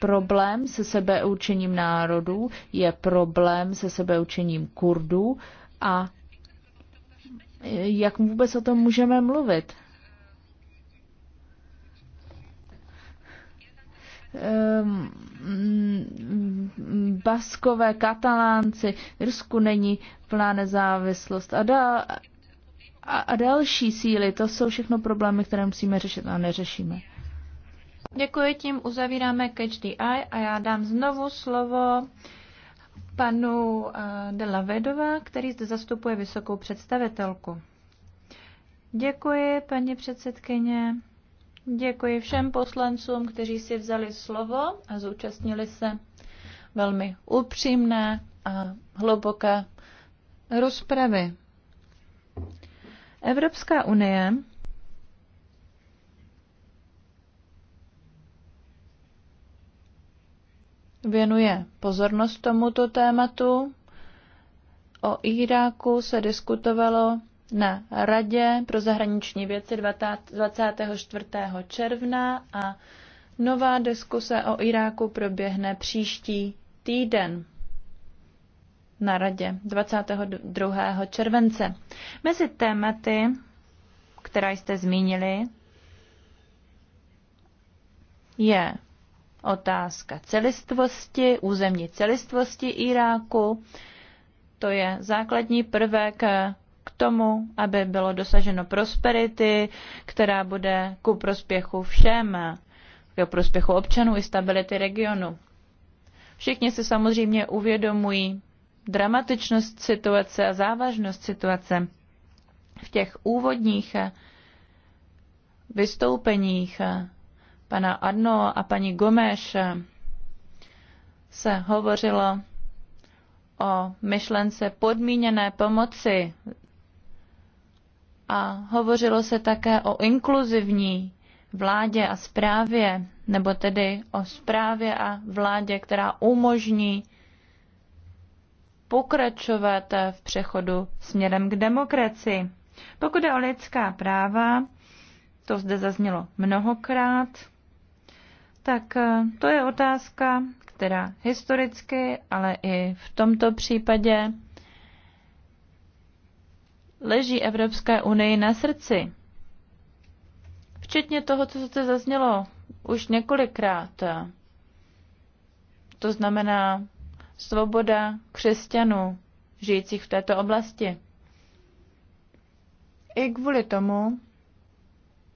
problém se sebeučením národů, je problém se sebeučením Kurdů a eh, jak vůbec o tom můžeme mluvit? Ehm, mm, Baskové, Katalánci, Rusku není plná nezávislost a, da, a, a další síly. To jsou všechno problémy, které musíme řešit a neřešíme. Děkuji, tím uzavíráme Catch the Eye a já dám znovu slovo panu eh, de la Lavedova, který zde zastupuje vysokou představitelku. Děkuji, paní předsedkyně. Děkuji všem poslancům, kteří si vzali slovo a zúčastnili se velmi upřímné a hluboké rozpravy. Evropská unie věnuje pozornost tomuto tématu. O Iráku se diskutovalo na Radě pro zahraniční věci 24. června a nová diskuse o Iráku proběhne příští týden na Radě 22. července. Mezi tématy, která jste zmínili, je otázka celistvosti, územní celistvosti Iráku. To je základní prvek k tomu, aby bylo dosaženo prosperity, která bude ku prospěchu všem, k prospěchu občanů i stability regionu. Všichni si samozřejmě uvědomují dramatičnost situace a závažnost situace. V těch úvodních vystoupeních pana Adno a paní Gomeš se hovořilo o myšlence podmíněné pomoci a hovořilo se také o inkluzivní vládě a správě, nebo tedy o správě a vládě, která umožní pokračovat v přechodu směrem k demokracii. Pokud je o lidská práva, to zde zaznělo mnohokrát, tak eh, to je otázka, která historicky, ale i v tomto případě leží Evropské unii na srdci. Včetně toho, co se zaznělo už několikrát. To znamená svoboda křesťanů žijících v této oblasti. I kvůli tomu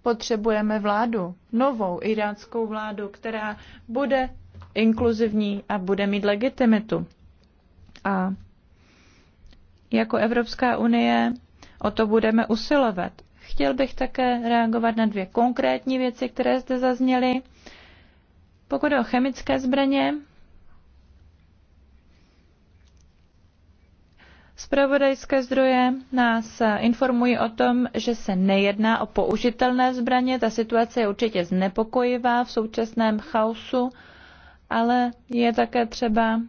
potřebujeme vládu, novou iráckou vládu, která bude inkluzivní a bude mít legitimitu. A jako Evropská unie O to budeme usilovat. Chtěl bych také reagovat na dvě konkrétní věci, které zde zazněly. Pokud o chemické zbraně, Spravodajské zdroje nás informují o tom, že se nejedná o použitelné zbraně. Ta situace je určitě znepokojivá v současném chaosu, ale je také třeba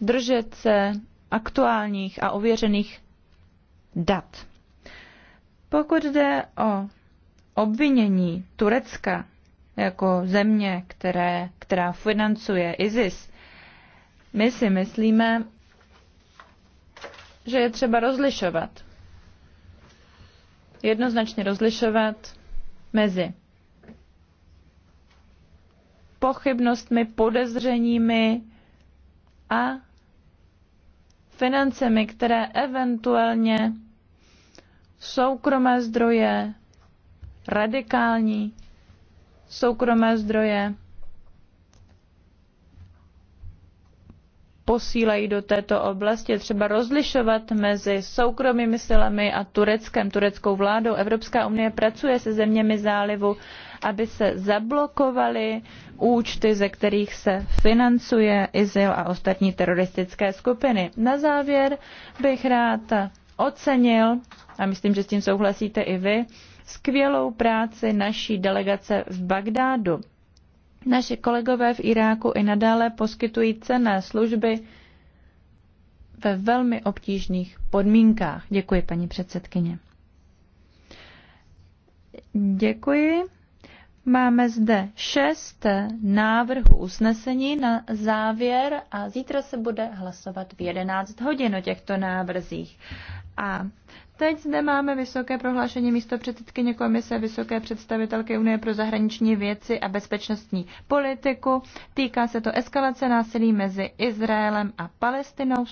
držet se aktuálních a ověřených dat. Pokud jde o obvinění Turecka jako země, které, která financuje ISIS, my si myslíme, že je třeba rozlišovat. Jednoznačně rozlišovat mezi pochybnostmi, podezřeními a financemi, které eventuálně soukromé zdroje, radikální soukromé zdroje posílají do této oblasti. Je třeba rozlišovat mezi soukromými silami a tureckém, tureckou vládou. Evropská unie pracuje se zeměmi zálivu, aby se zablokovaly účty, ze kterých se financuje IZIL a ostatní teroristické skupiny. Na závěr bych rád ocenil, a myslím, že s tím souhlasíte i vy, skvělou práci naší delegace v Bagdádu. Naši kolegové v Iráku i nadále poskytují cenné služby ve velmi obtížných podmínkách. Děkuji, paní předsedkyně. Děkuji. Máme zde šest návrhů usnesení na závěr a zítra se bude hlasovat v 11 hodin o těchto návrzích. A teď zde máme vysoké prohlášení místo předsedkyně komise Vysoké představitelky Unie pro zahraniční věci a bezpečnostní politiku. Týká se to eskalace násilí mezi Izraelem a Palestinou.